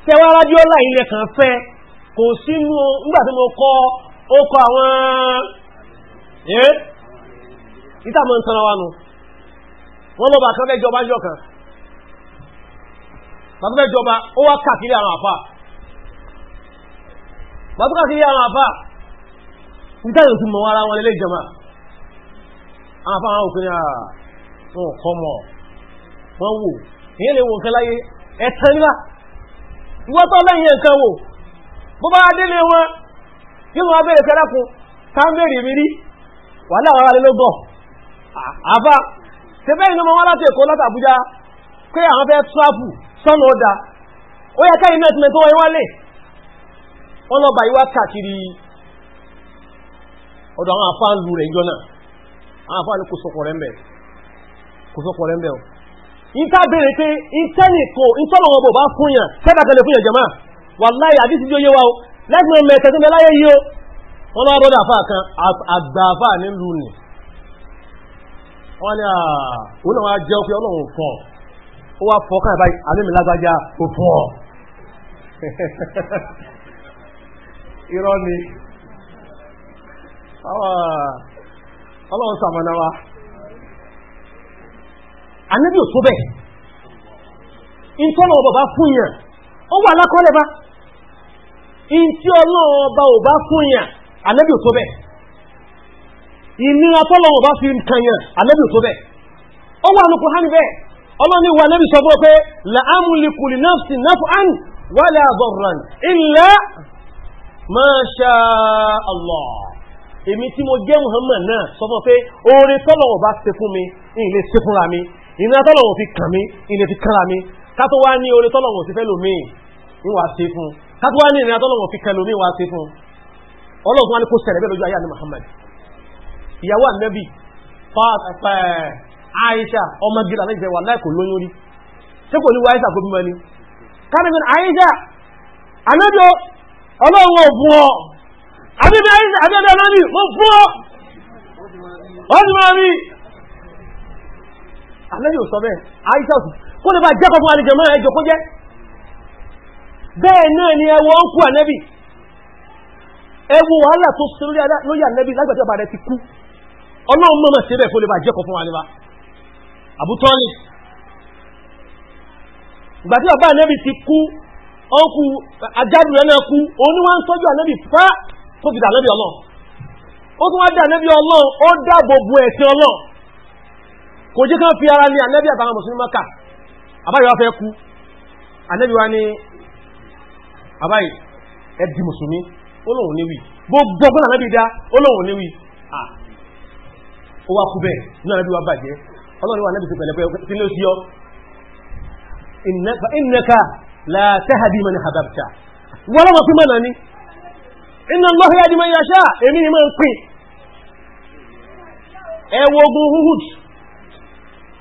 tẹwàá rádíọ́là ilẹ̀ kan fẹ́ kò sínú nígbàtí mo kọ́ ó kọ àwọn ẹ́ wa nù wọ́n kan fẹ́ jọba jọ kan bàbá jọba ó wá kàkiri àwọn àfà bàbá kàkiri àwọn àfà ìtàyọ̀ tí mọ̀ wára wọn lè àwọn àfà àwọn wọn kọ́ mọ̀ wọ́n wò èyí lè wò nǹkan láyé ẹ̀tàn nílá wọ́n tọ́ lẹ́yìn nǹkan wò bó bá délé wọn yóò wọn abẹ́rẹ́ kẹ́rẹ́kùn táńbẹ̀rì mi rí wà láwọn ará lélógọ̀ àbá tẹ́fẹ́ ìnáwó wọn láti èkó láti àbújá pé àwọn fẹ́ tíráàpù sọ́nà ọ̀dà ó yẹ ká iná ìtumẹ̀ tó wọ́n wálé wọ́n lọ́ba ìwá káàkiri ọ̀dọ̀ àwọn àfáà ń lu rẹ̀ ìjọ náà àwọn àfáà ní kò sọ̀kọ̀ rẹ̀ ń kò sọ́pọ̀ rẹ̀ ń bẹ̀ o ìta bèèrè pé ìtẹ́nì kò ìtọ́nà ọmọ bá fún yàn tẹ́bà tẹ́lẹ̀ fún yàn jẹ́mà wàláhì àdísí tí ó yé wa o lẹ́gbẹ̀ẹ́ mẹ́tẹ̀ tó mẹ́láyé yí o wọ́n lọ́wọ́ bọ́dà fà kan àgbàfà nílùú nì wọ́n ni àwọn àwọn jẹ́ òfin ọlọ́run fọ́ ó wá fọ́ káyà báyìí àmì lágbájá kò fọ́ *laughs* irọ́ ni ọlọ́run sàmọ́nà wa ànábì ò tó bẹ̀ ìtọ́nà ọba fún yàn ó wà lákọ́lẹ̀ bá ìtí ọlọ́run ọba ò bá fún yàn ànábì ò tó bẹ̀ ìnira tọ́lọ̀ ọba fi kàn yàn ànábì ò tó bẹ̀ ó wà nù Kùránì bẹ́ẹ̀ ọlọ́ni wa ànábì sọ fún pé la'amuliku li nafsi naf'an wala darran illa ma sha Allah èmi tí mo jẹ́ Muhammad náà sọ pé oore tọ́lọ̀ ọba ṣe fún mi ìlé ṣe fúnra mi iná tọ́lọ̀wọ̀ fi kàn mí ilẹ̀ fi kànra mi kátó wá ní orí tọ́lọ̀wọ̀ ti fẹ́ lómi ìwà sí fún kátó wá ní ìrìnà tọ́lọ̀wọ̀ fi kàn lómi ìwà sí fún ọlọ́run wá ní kó ṣẹlẹ̀ bẹ́ẹ̀ lójú ayé àní Muhammad ìyàwó ànẹ́bì Aisha ọmọ gíga láti ìfẹ́ wà láìkò lóyún Aisha kó bímọ ni kánìkan Aisha Aisha àbíbí ọlọ́run ò fún ọ àlẹ́bí ò sọ bẹ́ẹ̀ àìsà kó lè bá jẹ́kọ̀ fún àlejò máa kó jẹ́ bẹ́ẹ̀ náà ni ẹwọ ń kú ànẹ́bì ẹwọ wàhálà tó ṣe lórí ànẹ́bì lágbàtí ọba rẹ ti kú ọlọ́run mọ̀mọ̀ sí bẹ́ẹ̀ kó lè fún àbútọ́lì ìgbàtí ọba ànẹ́bì ti kú ọkù rẹ náà kú òun ń tọ́jú ànẹ́bì fá tó fi dà ànẹ́bì kò jẹ́ kán fi ara ní ànábì àbáwọn mùsùlùmí mọ́kà àbáyọ̀ fẹ́ kú ànábì wa ní àbáyì ẹ̀dì mùsùlùmí olóhùn níwì gbogbo ọgbọ́n ànábì dá olóhùn níwì ó wá kú bẹ́ẹ̀ ní ànábì wa bàjẹ́ ọlọ́run ẹwọ ogun Uhud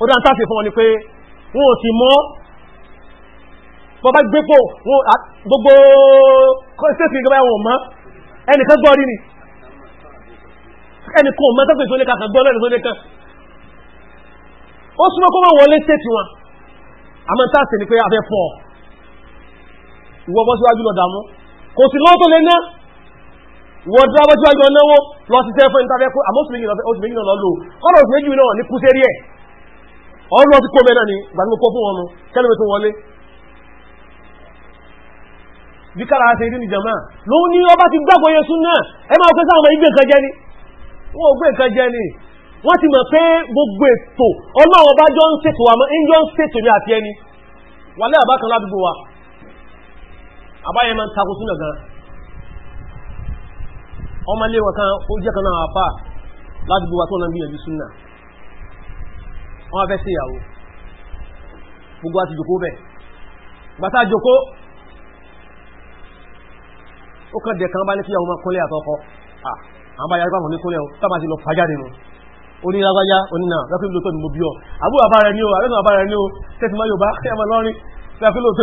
ó dá tàbí fún wọn ni pé wọn ò sì mọ́ bọ́ bá gbépò gbogbo stéètì ìjọba ẹ̀wọ̀n mọ́ ẹnìkan gbọ́ rí ni ẹnìkan ò mọ́ tọ́pẹ̀ tó lè kàkà gbọ́ lẹ́nu tó lè kàn ó wọ́n ni pé abẹ́ fọ́ ìwọ́ bọ́ síwájú lọ dàmú kò sí lọ́wọ́ tó lè ná wọ́n tó abọ́síwájú ọ̀nà owó lọ sí tẹ́fẹ́ ìtàfẹ́ kó àmọ́ òsì méjì lọ́lọ́ lò kọ́lọ̀ òsì méjì náà ní kú sérí ẹ̀ ọ̀rọ̀ ọtụtụ kó bẹ́ẹ̀ ni ìgbàdí ọnụ kó fún ọmọ kẹ́lẹ̀mẹ́ tó wọlé bí a. ṣe rí ọba ti gbàgbọ́ yẹsù náà ẹ máa pẹ́ sáwọn ọmọ ìgbé nǹkan jẹ ni wọ́n ogbe nǹkan jẹ ni wọ́n ti gbogbo ètò ọlọ́run ọba jọ ń ṣètò àmọ́ ń jọ ń ṣètò ní àti ẹni wà lẹ́ kan gan Ọma kan kan wa wọ́n fẹ́ sí ìyàwó gbogbo àti jòkó bẹ̀ gbàtà jòkó ó kàn dẹ̀ kan bá ní kíyàwó máa kúnlẹ̀ àtọkọ àwọn báyà ipá wọn ní kúnlẹ̀ o tábà sí lọ fàájá nínú onílágbájá onínà lọ́kìlótọ́ ni mo bí ọ àbúrò àbá rẹ ní o àrẹ́sùn àbá rẹ ní o tẹ́sí máa yóò bá ẹmọ lọ́rin lọ́kìlótọ́ tó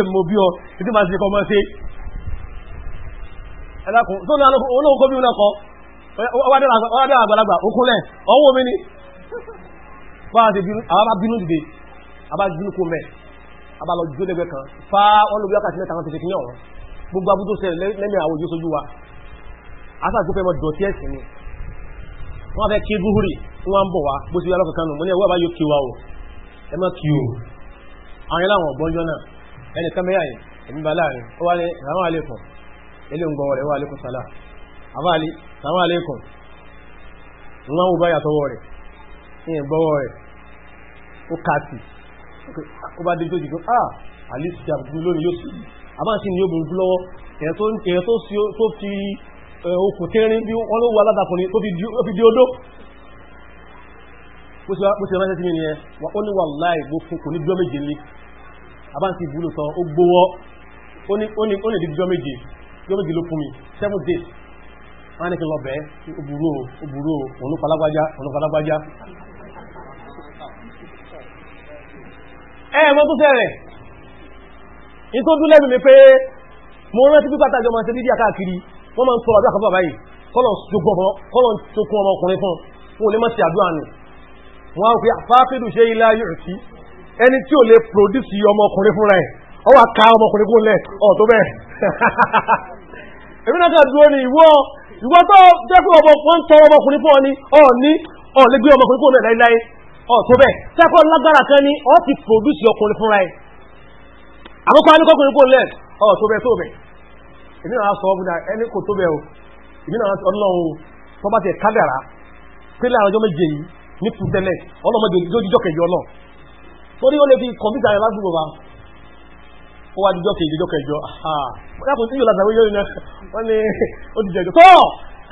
ní olóòkó bí ó lọ́kọ́ ọwádẹ́ àgbàlagbà ó ọwọ́ mi ni fáwọn àti bínú àwọn bá bínú dìde àbá bínú kó mẹ́ àbá lọ jó lẹ́gbẹ̀ẹ́ kan fá wọn lóbi wákàtí mẹ́ta kan ti fi kíyàn wọn gbogbo abúdó ṣẹlẹ̀ lẹ́mí àwọn ojú sójú wa àtà tó fẹ́ mọ dọ̀tí ẹ̀sìn ni wọ́n fẹ́ kí gúhùrì tí wọ́n ń bọ̀ wá bó ti yára kankan nù mo ní ẹ̀wọ́ àbáyọ kí wa o ẹ má kí o àwọn yẹn láwọn ọ̀gbọ́njọ́ náà ẹnì kan mẹ́yà yìí ẹ̀mí bá láàrin ó wá ní sàmú àlékún ilé ń gbọ́wọ́ rẹ̀ wá àlékún sàlá àbáàlí sàmú àlékún ń wá wò báyà tọwọ́ rẹ̀ ìyẹn gbọ́wọ́ rẹ̀ ó kàtì ó bá débi tó jù pé ah àlìsí àbùkù lónìí yóò sì àbá ni ó burúkú lọ́wọ́ èyàn tó fi okùn tẹ́rin bí wọ́n ló wà látàkùnrin tó fi di odó bó ṣe ránṣẹ́ sí mi nìyẹn wà ó ní wà láì gbókun kò ní jọ méje lé àbá ìbúlò tán ó gbówọ́ ó ní di jọ méje jọ méje ló fún mi seven days wọ́n á ní kí lọ bẹ́ẹ̀ ó burú ó burú ó òun ló falágbájá òun ló falágbájá ẹ̀ẹ̀mọ́ tó fẹ́rẹ̀ in tó dún lẹ́nu mi pé mo rántí pípa tàbí ọmọ ìṣẹ́lídìí àkáàkiri wọ́n máa ń sọ àdúrà kan bàbá yìí kọ́lọ̀ sókún ọmọkùnrin fún wọn lè má ti àdúrà nù wọ́n á pè fáfídù ṣe ilá yóò sí ẹni tí ò lè pòdúsì ọmọkùnrin fúnra ẹ̀ ọ wà ká ọmọkùnrin kún lẹ̀ ọ̀ tó bẹ́ẹ̀ èmi náà kà dúró ní ìwọ ìwọ tó jẹ́ pé ọmọkùnrin fún ọ ní ọ ní ọ lè gbé ọmọkùnrin kún lẹ̀ láíláí ọ̀tọ́ bẹ́ẹ̀ tẹ́kọ́ lágbára kan ní ọ́ ti pòdúsì ọkùnrin fúnra ẹ̀ àwọn kan ní kọkùnrin kò lẹ́ ọ̀tọ́ bẹ́ẹ̀ tó bẹ́ẹ̀ èmi náà sọ ọ́bùdá ẹni kò tó bẹ́ẹ̀ o èmi náà sọ ọlọ́run tó bá ti kádàrá pé láàrin ọjọ́ méje yìí ní tù tẹ́lẹ̀ ọlọ́mọdé lójújọ́ kẹjọ náà torí ó lè fi kọ̀m̀pútà rẹ̀ ládùúgbò wa ó wá díjọ́ kẹjọ kẹjọ yàtọ̀ sí ìyọ̀lá àtàwọn yóò ní wọ́n ní ó ti jẹ̀jọ́ tó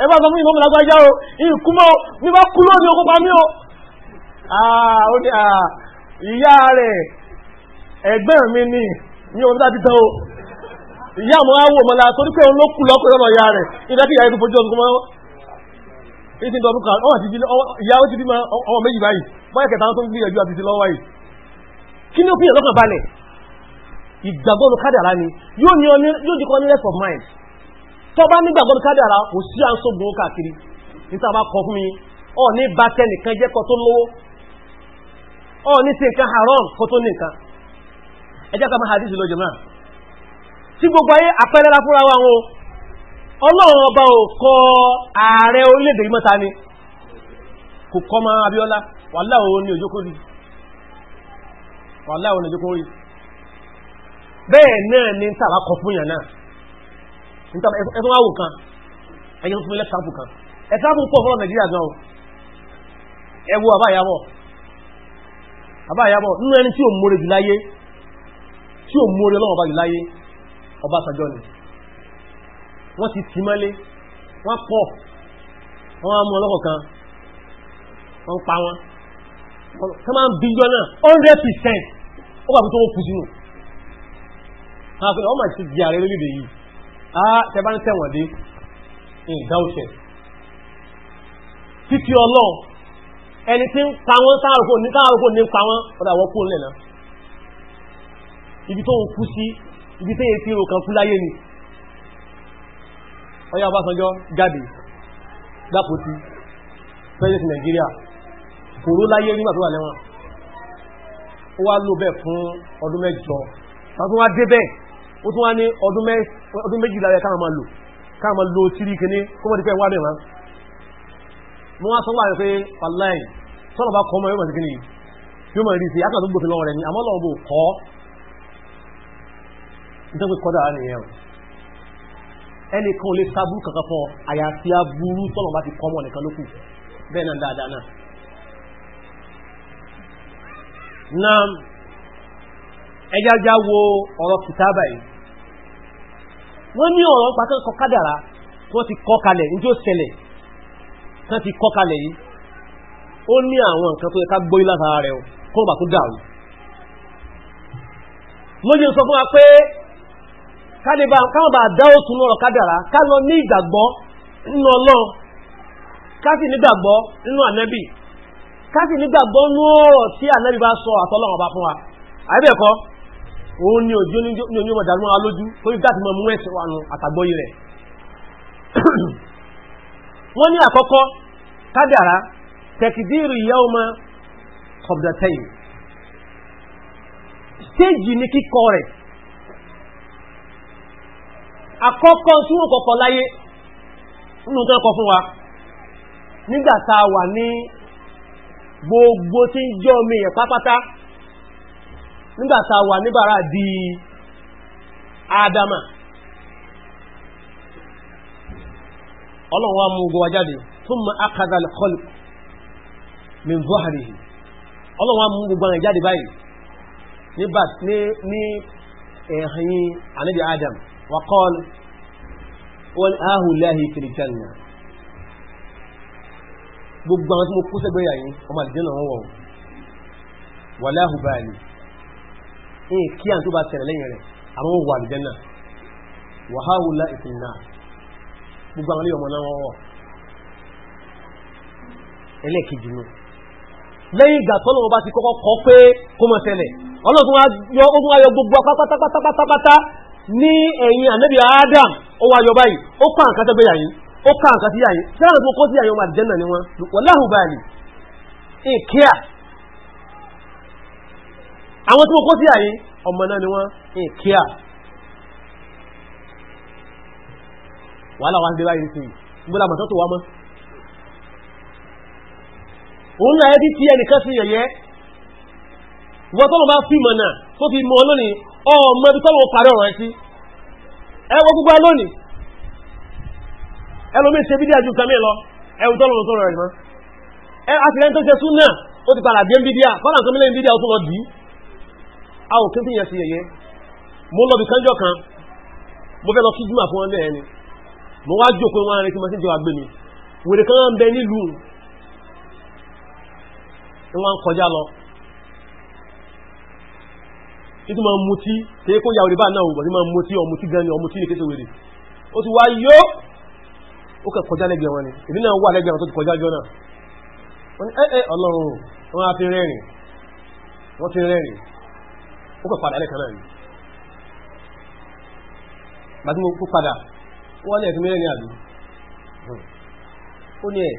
ẹ bá sọ fún ìmọ̀mọ̀lágbájá o ìkúmọ̀ ní bá kú lónìí okópa mí o ìyá rẹ̀ ẹ̀gbọ́n mi ni ní ohun tó ti tán o ìyá mọ́ áwò mọ́lá torí pé òun ló kú lọ́kùnrin lọ́nà ìyá rẹ̀ nígbà tí ìyá rẹ̀ tó ọdún mọ́ kan ọmọ ti ìyá ó ti bímọ ọmọ méjì báyìí bọ́yẹ̀ kẹta tó ń gbìyànjú àti ti lọ́wọ́ báyìí kí ni ó fi hàn lọ́kàn balẹ̀ ìgbàgbọ́ ní kádàrá ni yóò ní ọní yóò dìkọ́ of mind tó bá ní gbàgbọ́ ní kádàrá kò sí à ń sógun káàkiri níta bá kọ fún mi ọ ní bá ọ ní sí nǹkan haram kó tó ní nǹkan ẹjá ká máa hadith lọ jẹ̀mọ́ tí gbogbo ayé àpẹẹrẹra fúnra wa wọn ọlọ́run ọba ò kọ ààrẹ orílẹ̀-èdè mọ́ta ni kò kọ́ máa Abíọ́lá wàhálà òun ni òjókòó rí wàhálà òun ni òjókòó rí bẹ́ẹ̀ náà ni tàbá kọ fún yàn náà ẹ̀fún wáwò kan ẹ̀yẹ́ fún ilẹ̀ sáàpù kan ẹ̀sáàpù pọ̀ fọ́rọ̀ àbá àyàbọ̀ nínú ẹni tí ò mórè jù láyé tí ò mórè ọlọ́wọ́ bá jù láyé Ọbásanjọ́ ni wọ́n ti tì mọ́lé wọ́n pọ̀ wọ́n á ọlọ́kọ̀ kan wọ́n pa wọn tó máa ń bíjọ́ náà 100% ó bàbí ẹni tí ń pa wọ́n táàrùkò ní táàrùkò ní pa wọ́n ọ̀dà wọ́n kó lẹ̀ náà ibi tó ń kú sí ibi tí èyí tí èrò kan kú láyé ni ọya Ọbásanjọ́ jáde dápòtí president Nigeria kòró láyé nígbà tó wà lẹ́wọ̀n ó wá lò bẹ́ẹ̀ fún ọdún mẹ́jọ tàbí wá dé bẹ́ẹ̀ ó tún wá ní ọdún méjìlá rẹ̀ káàmà lò káàmà lò tírí kìíní kọ́mọ̀dé fẹ́ mo wá sọ́wọ́ àyẹ̀fẹ́ pàláì sọ́nà bá kọ́ ọmọ yóò mọ̀ sí kí ni yóò mọ̀ rí sí akọ̀ tó gbòfin lọ́wọ́ rẹ̀ ni àmọ́ lọ́wọ́ bò kọ́ nítorí pé kọ́dà nìyẹn ẹnì kan ò lè sábú kankan fún àyàfi aburú sọ́nà bá ti kọ́ ọmọ nìkan lókù bẹ́ẹ̀ náà dáadáa náà na ẹjájá wo ọ̀rọ̀ kìtàbà yìí wọ́n ní ọ̀rọ̀ pàtàkì kọ kádàrá wọ́n ti kọ́ kalẹ̀ ó ṣẹlẹ̀ tán ti kọ́ kalẹ̀ yìí ó ní àwọn nǹkan tó yẹ ká gbóyí látara rẹ̀ kó bà tó dàrú lóye sọ fún wa pé káwọn bá dá òtún lọ́rọ̀ kádàrá ká lọ ní ìgbàgbọ́ nínú ọlọ́run ká sì nígbàgbọ́ nínú ànábì ká sì nígbàgbọ́ nínú ọ̀rọ̀ tí ànábì bá sọ àtọ́lọ́run bá fún wa àìbẹ̀kọ́ òun ni òjò ní onímọ̀ dàrú mọ́ra lójú torí dáàtì mọ́ mú ẹ̀sìn wa nù àtàgbọ́yé rẹ̀ wọ́n ní àkọ́kọ́ kádàrá tẹ̀kìdírù ìyá ọmọ kọ̀bdàtẹ́yìn stéèjì ní kíkọ́ rẹ̀ àkọ́kọ́ tí wọ́n kọ̀kọ́ láyé nínú tó fún wa nígbàtà wà ní gbogbo tí ń jọ omi ẹ̀ pápátá nígbàtà wà di adama ọlọ́run wa mú gbogbo wa jáde thumma akhadha al-khalq min zuhrihi ọlọ́run wa mú gbogbo wa jáde báyìí ní ẹ̀hìn ànábì adam wa qala wọ́n áhù láhì fil janna gbogbo àwọn tí mo kú sẹ́gbẹ́ yàyí ọmọ àdìjẹ́nà wọn wọ̀ wà láhù báyìí ní kí à ń tó bá tẹ̀lẹ̀ lẹ́yìn rẹ̀ àwọn wà àdìjẹ́nà wà áhù láhì fil gbogbo àwọn ilé ọmọ náà wọ́n wọ̀ ẹlẹ́ẹ̀kejì nù lẹ́yìn ìgbà tọ́lọ̀ ọba ti kọ́kọ́ kọ́ pé kó mọ̀ ṣẹlẹ̀ ọlọ́tún wá yọ gbogbo pátápátápátá ní ẹ̀yìn ànábì Adam ó wá yọ báyìí ó kọ́ àǹkà tẹ́gbẹ́ yàyí ó kọ́ àǹkà sí yàyí sẹ́ràn tó kọ́ sí yàyí ọmọ àdìjẹ́nà ni wọ́n wallahu bali ìkíà àwọn tó kọ́ sí yàyí ọmọ náà ni wọ́n ìkíà wàhálà wá ń dé báyìí sí ìgbọ́lá mọ̀tọ́ tó wá mọ́ òun náà ẹbí tí ẹnìkan sí yẹ̀yẹ́ wọ́n tọ́lọ̀ bá fi mọ̀nà tó fi mọ̀ lónìí ọmọ ibi tọ́lọ̀ parí ọ̀rọ̀ ẹ sí ẹwọ gbogbo lónìí ẹlòmí ṣe bídí àjú kàmí lọ ẹwù tọ́lọ̀ tó rẹ̀ mọ́ ẹ àtìlẹ́yìn a ò kí ń fi yẹn sí yẹ̀yẹ́ mo lọ bì fẹ́ lọ kí jùmọ̀ fún ọ mo wá jókòó wọn rẹ̀ tí mo sí jọ àgbé mi wèrè kan ń bẹ nílùú wọn kọjá lọ títí ma mú tí tẹ́yẹ kó yàwó náà ma mú tí ọmú tí gan-an ọmú tí wèrè ó ti wá yó ó kẹ kọjá lẹ́gbẹ̀ẹ́ wọn ni èmi náà wà lẹ́gbẹ̀ẹ́ wọn tó ti kọjá jọ náà wọ́n ni ẹ́ẹ́ ọlọ́run wọn á fi rẹ́rìn wọ́n ti rẹ́rìn ó kẹ padà wọ́n lẹ̀ fi mẹ́rẹ̀ ní àbí ó ní ẹ̀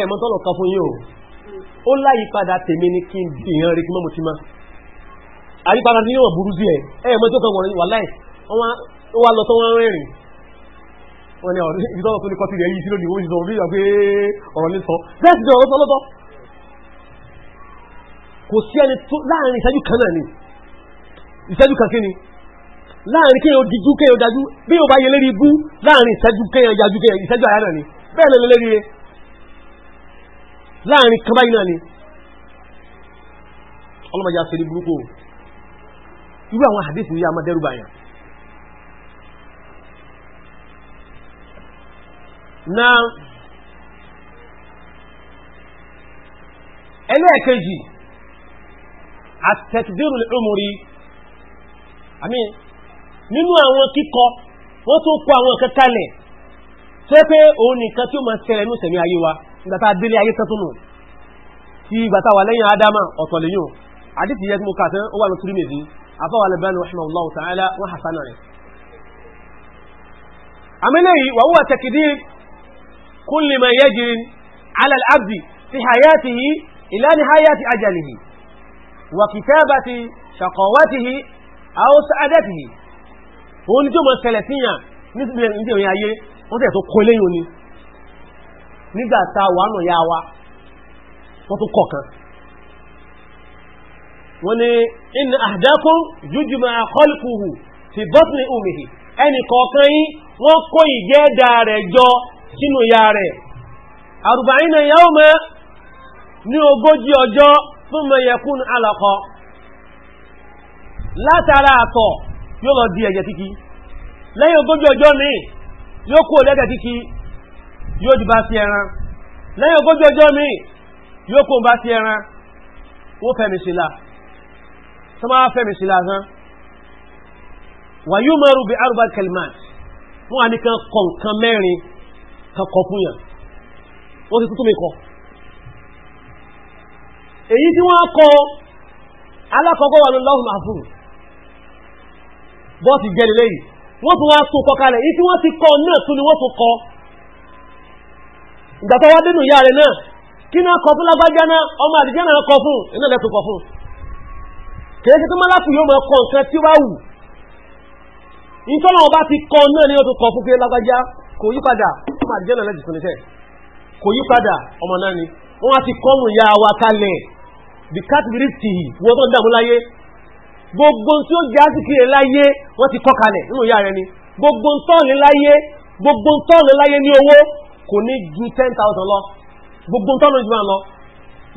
ẹ̀ mọ́ tọ́lọ̀ kan fún yín o ó láyí padà tèmi ní kí n bí ìran rẹ̀ kí mọ́ mo ti má àyípadà ní yóò burú sí ẹ̀ ẹ̀ mọ́ tó kan wọ̀nyí wà láì ó wá lọ tó wọ́n rẹ̀rìn wọ́n ní ọ̀rọ̀ ibi tọ́lọ̀ tó ní kọtí rẹ̀ yìí sí lónìí ó sì sọ bí ìyá pé ọ̀rọ̀ ní sọ bẹ́ẹ̀ sì jẹ́ ọ̀rọ̀ tọ́lọ́tọ́ kò sí ẹni tó láàrin ìṣẹ́jú kan náà ni ìṣẹ́jú kan láàrin kéèyàn dijú kéèyàn jajú bí o bá yẹ lérí ibú láàrin ìṣẹ́jú kéèyàn jajú kéèyàn ìṣẹ́jú àyà náà ni bẹ́ẹ̀ lè lérí rẹ̀ láàrin kan báyìí náà ni ọlọ́mọdé aṣèlú burúkú irú àwọn àdéhùn yìí a máa dẹ́rù báyàn. na ẹlẹ́ẹ̀kejì àtẹ̀kídérù lè ọmọ rí nínú àwọn kíkọ wọ́n tó kọ àwọn nǹkan kalẹ̀ tó pé òun nìkan tí ó máa ṣẹlẹ̀ ní sẹ̀mí ayé wa nígbà tá a délé ayé kan tó nù tí ìgbà tá a wà lẹ́yìn Ádámà ọ̀tọ̀ lè yùn àdìsí yẹ kí mo kà tán ó wà ní Tirmidhi afọ́wà lẹ́bẹ̀rẹ̀ rahimahullahu ta'ala wọ́n hasana rẹ̀ òun ni tí ó mọ̀ ṣẹlẹ̀ síyàn nítorí ní ìrìn ayé wọ́n tẹ̀ tó kọ eléyìn ni a wa wọ́n tó kọ̀ọ̀kan wọ́n ni inna ahdakum yujma khalquhu fi batni ummihi ẹnì kọ̀ọ̀kan yín wọ́n kó rẹ̀ jọ sínú ya rẹ̀ arba'ina yawma ní ogójì ọjọ́ thumma yakun alaqa yóò lọ di ẹ̀jẹ̀ kíkí lẹ́yìn ogójì ọjọ́ mi yóò kú òlẹ́gẹ̀ kíkí yóò di bá sí ẹran lẹ́yìn ogójì ọjọ́ mi yóò kú bá sí ẹran ó fẹ̀mí sílá tó máa fẹ̀mí sílá tán wà yóò mọ̀rù bí arúgbà kelman wọ́n á ní kan kọ̀ nǹkan mẹ́rin kan kọ̀ fún yàn wọ́n ti tuntun mi kọ̀ èyí tí wọ́n kọ alákọ̀ọ́kọ́ wà lọ́wọ́ máa fún un bọ́ọ̀sì jẹ́ lélẹ́yìí wọ́n tún wá tún kọkalẹ̀ yìí wọ́n ti kọ náà tún ni wọ́n tún kọ ìgbàtọ́ wá dénú ìyá rẹ̀ náà kí náà kọ fún lágbájá náà ọmọ àdìjẹ́ náà kọ fún iná lẹ́tún kọ fún kọ nǹkan tí wù ìtọ́lọ́wọ́ kọ náà ni ó tún kọ ọmọ àdìjẹ́ náà lẹ́jì kò yí padà ọmọ náà ni wọ́n ti kọ́ ya wa kalẹ̀ gbogbo tí ó jẹ́ àsìkiri láyé wọ́n ti kọ́kalẹ̀ nínú ìyá rẹ̀ ni gbogbo tọ́ọ̀lì láyé gbogbo tọ́ọ̀lì láyé ní owó kò ní ju 10,000 lọ gbogbo tọ́ọ̀lì jù lọ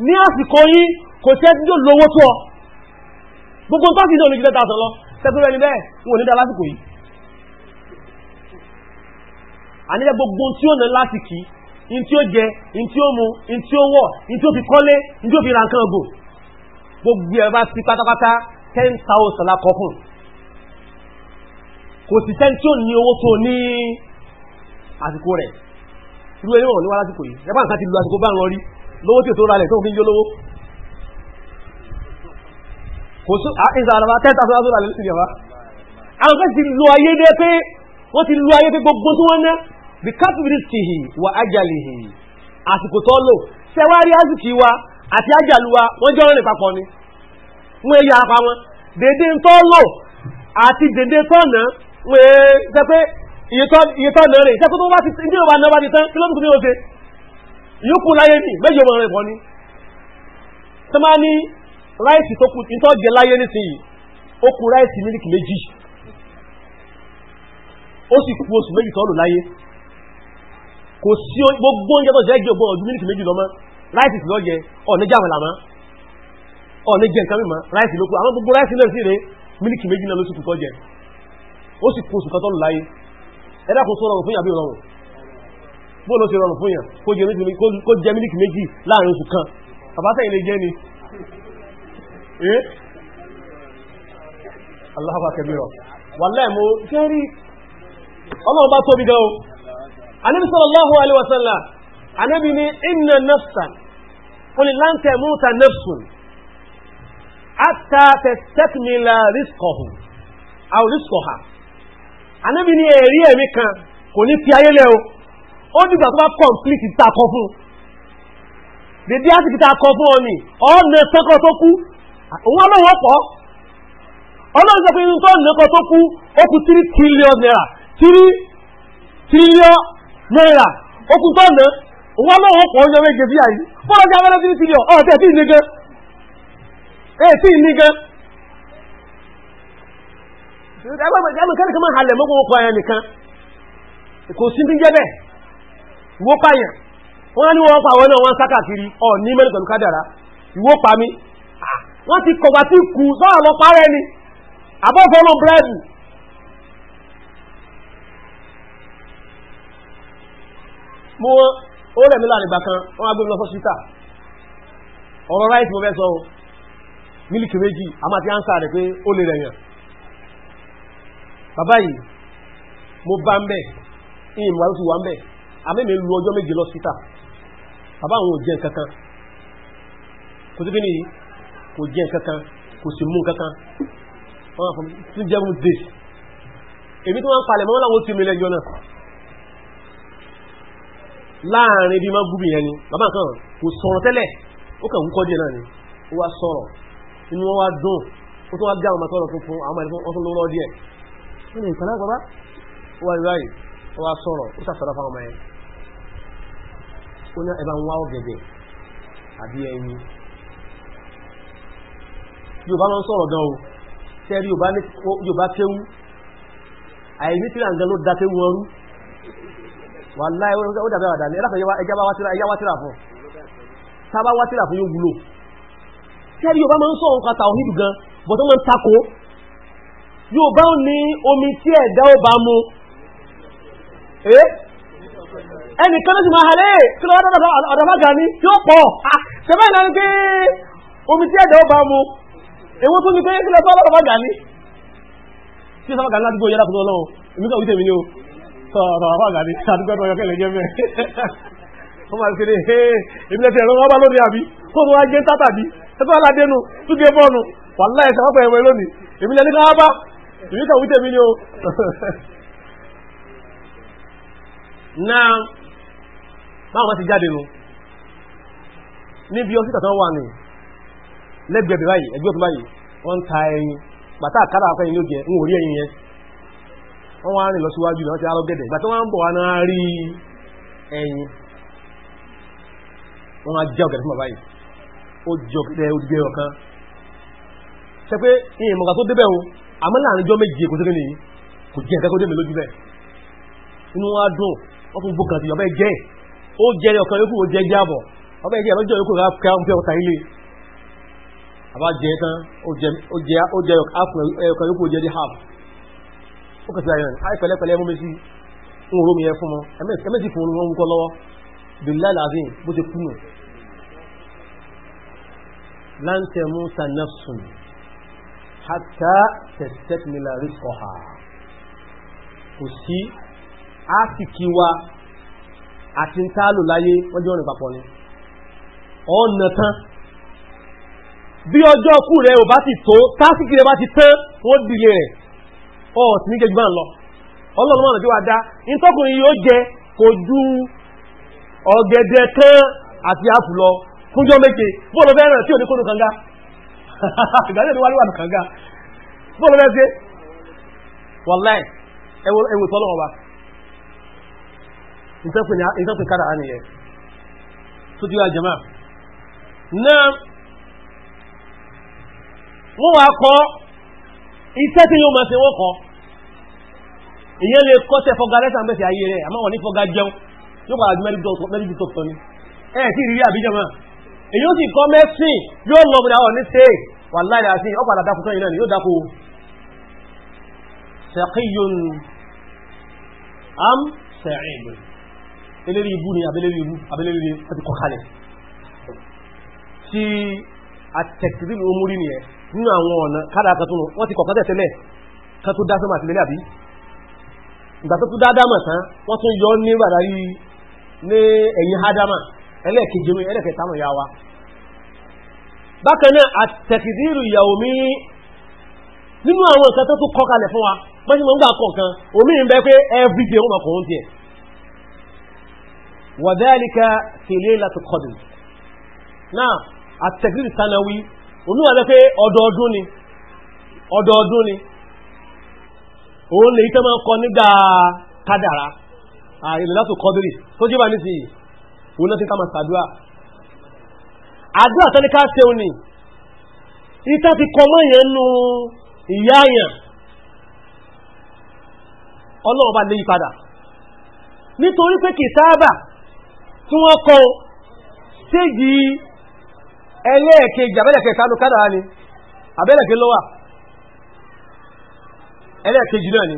ní àsìkò yí kò tẹ́ tí ó lówó tó ọ gbogbo tọ́ọ̀lì jù lọ 10,000 lọ tẹ́tọ́ rẹ̀ ni bẹ́ẹ̀ wọn ò ní dá lásìkò yìí àníjẹ́ gbogbo tí ó ní láti kìí in tí ó jẹ in tí ó mu in tí ó wọ̀ in tí ó fi kọ́lé in tí ó fi ra nǹkan ọgbò gbogbo ẹ̀ bá ti pátápátá ten thousand lákọ̀ọ́kùn kò sí ten tí ò ní owó tó ní àsìkò rẹ̀ irú ẹni wọ̀n ní wá lásìkò yìí ẹgbà nǹkan ti lu àsìkò bá ń rọrí lówó tí ò tó ralẹ̀ tó fi ń yó lówó kò sí àìsàn àlàbà ten thousand láti ralẹ̀ lóṣù yàrá àwọn kan ti lu ayé dé pé wọ́n ti lu ayé pé gbogbo tí wọ́n ná bí kápìrìsìtì wà ájàlìhì àsìkò tó lò sẹ́wárí àsìkò wa àti ájàlùwa wọ́n jọ rìn papọ̀ ni wọ́n yá apá wọn dédé ń tọ́ lò àti dédé tọ́nà wọ́n ẹ̀ sẹ́ pé iye tọ́nà rẹ̀ ìṣẹ́kú tó wá ti ní ọba náà wá ti tán kí ló ń kú ní oṣe ìyókù láyé nì méjì ọmọ rẹ̀ pọ̀ ni tó máa ní ráìsì tó kù tó jẹ láyé nísìnyí ó kù ráìsì mílíkì méjì ó sì kú oṣù méjì tó lò láyé kò sí gbogbo oúnjẹ tó jẹ́ gbogbo ọdún mílíkì méjì lọ́mọ ráìsì tó jẹ ọ̀ níjà àmàlà mọ́ ọ̀lẹ́ jẹ nǹkan mímọ̀ ráìsì lókù àwọn gbogbo ráìsì náà sí rẹ̀ mílíkì méjì náà ló sì kùtọ́ jẹ ó sì kó oṣù kan tọ́lù láyé ẹ̀dá kò sọ̀rọ̀ fún yàbí rọrùn bó ló ṣe rọrùn fún yàn kó jẹ mílíkì méjì láàrin oṣù kan àbátẹ̀yìn lè jẹ́ ni eh Allahu akbar wallahi mo jẹ́rí ọlọ́run bá tóbi gan hatta tẹ̀sẹ̀kìmìlà rísọ̀hù àwọn rísọ̀hà anábì ní èrí emi kan kò ní fi ayé lẹ́ o ó a fún un dèdè àti ọ ni ọ̀nà tẹ́kọ̀ tó kú òun ọlọ́wọ́ pọ̀ ọlọ́run sọ pé inú tó nẹ́kọ̀ tó kú ó kú tírí tírílíọ̀ náírà tírí tírílíọ̀ náírà ó kú tó òun ọlọ́wọ́ pọ̀ èsì eh, ní gan agbẹ́gbẹ̀gbẹ̀ kẹ́lẹ̀kẹ́ máa halẹ̀ mọ́gbọ́n ọkọ̀ ẹ̀yàn nìkan kò sí bí jẹ́ bẹ́ẹ̀ ìwó pààyàn wọ́n ní wọ́n pa àwọn náà wọ́n sákàkiri ọ̀ ní mẹ́rin pẹ̀lú kádàrá ìwó pa mi ah, wọ́n ti kọ̀gbà tí kù sọ́rọ̀ lọ parẹ́ ni àbọ́fọ́nà búrẹ́dì mo ó rẹ̀ mi láàrin ìgbà kan wọ́n á gbé mi lọ sọ́sítà ọ̀rọ̀ ráìtì mo fẹ́ sọ mílìkì méjì a máa ti ánsà rẹ̀ pé ó lè rẹ̀yàn bàbá yìí mo bá ń bẹ̀ ìyìn wà lóṣù wà ń bẹ̀ àmẹ́mẹ́ lu ọjọ́ méje lọ síta bàbá àwọn ò jẹ́ kankan kò sí kíni kò jẹ́ kankan kò sì mú kankan wọ́n á fọ tún jẹ́ mú dé èmi tó wọ́n ń palẹ̀ mọ́ láwọn tí mi lẹ́jọ́ náà láàrin bí má gúbi yẹn ni bàbá kan kò sọ̀rọ̀ tẹ́lẹ̀ ó kàn ń kọ́ díẹ̀ náà ni ó wá sọ̀rọ̀ inú wọn wá dùn ó tún wá bí àwọn mọ̀tọ́rọ̀ tuntun àwọn ẹ̀fọn ọtún lọ́wọ́ díẹ̀ ó lè kàná bàbá ó wá ìwáyì ó wá sọ̀rọ̀ ó sàfẹ́rẹ́ fáwọn ọmọ yẹn ó ní ẹ̀bá ń wá ọ̀gẹ̀dẹ̀ àbí ẹyin yorùbá lọ sọ̀rọ̀ gan o tẹ́rí yorùbá kéwú àìní tí àǹgẹ́ ló dá kéwú ọrú wà láì ó dàbí àwàdà ní ẹlẹ́kọ̀ọ́ ẹjá wá wátìrà fún tábá wátìrà fún yóò wúlò sẹ́rí yóò bá máa ń sọ̀rọ̀ nǹkan tàwíìdù gan bọ̀tọ́ máa ń takò yóò bá ní omi tí ẹ̀dá ó bá mu eh? ẹnìkan ló sì máa halẹ́ eh, kí ló wá ọ̀dọ̀fága ní yóò pọ̀ ah, ṣẹ̀bẹ́ ìlànà pé omi tí ẹ̀dá ó bá mu èwo tó ní pé kí lọ bá ọ̀dọ̀fága ní tí ọ̀dọ̀fága ní ládùúgbò yára fún ọlọ́run èmi kà wíṣẹ́ mi ní o ọ̀dọ̀fága ní àdúgbò ẹ̀dọ̀ ọ̀yọ́kẹ́lẹ̀ jẹ́ mẹ́ wọ́n máa ń ṣe ní ẹ̀ẹ́dẹ́gbẹ̀rún ọba lónìí àbí kó tó wá jẹ́ tátàbí ẹ̀tọ́ aládénú túgé bọ́ọ̀nù wàlá ẹ̀ṣẹ̀ wọ́pẹ̀ ẹ̀wẹ̀ lónìí èmi lẹ́ni ká bá èmi kà wíjẹ̀ mi ni o. *laughs* náà báwọn ti jáde nu níbi ọtí tàtàn wà ní lẹ́gbẹ̀ẹ́ báyìí ẹgbẹ́ òtún báyìí wọ́n ń ta ẹyin bàtà àkàrà akọyin ló jẹ ń wò rí ẹyin yẹn wọ́n wá rìn lọ síwájú náà ti arọ gẹ̀dẹ̀ ìgbà tí wọ́n ń bọ̀ wá náà rí ẹyin wọ́n á jẹ́ ọ̀gẹ̀dẹ̀ fún bàbá yìí ó jọ kẹtẹ ó gbé ọ̀kan ṣe pé ìyìn mọ̀gá tó débẹ̀ o àmọ́ láàrin jọ méje kò sókè nìyí kò jẹ́ ẹ̀kẹ́ kó démi lójú bẹ́ẹ̀ inú wa dùn wọ́n fún gbogbo àtìyàn bẹ́ẹ̀ jẹ́ ó jẹ́ ọ̀kan yókù ó jẹ́ jábọ̀ ọbẹ̀ jẹ́ ọjọ́ yókù rà ká ń fẹ́ ọ̀tà ilé àbá jẹ́ tán ó jẹ́ ọ̀kan yókù ó jẹ́ dé half ó kẹsì ayọ̀ àì pẹ̀lẹ́pẹ̀lẹ́ mú mi sí ń ro mi yẹn fún mọ́ ẹ̀mẹ́sì fún un wọn ń kọ́ lọ́wọ́ bìláì làzín bó ṣe kú nù lan tamuta nafsun hatta tastakmila rizqaha kò sí áfìkí wa àti ń tálò láyé wọ́n jẹ́ ọ̀nà papọ̀ ni ọ̀nà tán bí ọjọ́ kú rẹ̀ ò bá ti tó tásìkì rẹ̀ bá ti tán wọ́n dìlé rẹ̀ ọ̀tí ní gẹ̀gbà lọ ọlọ́run mọ̀nà tí wà dá ìtọ́kùnrin yóò jẹ kò ju ọ̀gẹ̀dẹ̀ kan àti ápù fúnjọ́ méje bóòlù fẹ́ tí ò ní kóòdù kànga *laughs* ìgbàlẹ̀ ni wà lúwà kànga bóòlù fẹ́ ṣe wàláì ẹwò tọ́lọ̀ ọba ìtọ́pẹ̀ kára á nìyẹn tó ti wá jẹ́mà náà wọ́n wá kọ́ iṣẹ́ tí yóò máa ṣe wọ́n kọ́ ìyẹn lè kọ́ tẹ fọ́gá lẹ́sà mẹ́sì ayé rẹ̀ àmọ́ wọ́n ní fọ́gá jẹun yóò padà di ni ẹ̀ tí àbíjọ́ máa èyí ó sì kọ́ mẹ́sìn yóò lọ bọ̀dá ọ̀ ní ṣe wà láìra sí ọ̀pọ̀ àdàkù tó yìí náà yóò dákò ṣẹ̀kíyùn am ṣẹ̀rìnbù eléri ibú ni abẹ́lérí ibú abẹ́lérí àti kọkalẹ̀ tí àtẹ̀kìrí omúrí ni ẹ̀ nínú àwọn ọ̀nà kádà kan tó nù wọ́n ti kọ̀kan tẹ̀tẹ̀lẹ̀ kan tó dá sọ́mà àti lẹ́lẹ́ àbí ìgbà tó tún dá dámà tán wọ́n tún yọ ní ẹ̀yìn hádámà ẹlẹ́ẹ̀kejì mi ẹlẹ́ẹ̀kẹta nù yá wa bákan náà àtẹ̀kìdírù ìyàwó mi nínú àwọn nǹkan tó tún kọ́ kalẹ̀ fún wa wọ́n ti mọ̀ ń gbà kọ̀ kan omi ń bẹ pé everyday wọn kò ń tiẹ̀ wàdálíkà tèlé láti kọ́dùn náà tó jẹ́ bá nísìnyí òun náà ti ká máa sàdúrà àdúrà tẹ́lẹ̀ ká ṣe òní ìta ti kọ mọ́ yẹn nú ìyá àyàn ọlọ́run bá lè yí padà nítorí pé kì sáábà tí wọ́n kọ séjì ẹlẹ́ẹ̀kejì abẹ́lẹ̀kẹ́ kánú kádàá ni abẹ́lẹ̀kẹ́ lọ́wà ẹlẹ́ẹ̀kejì náà ni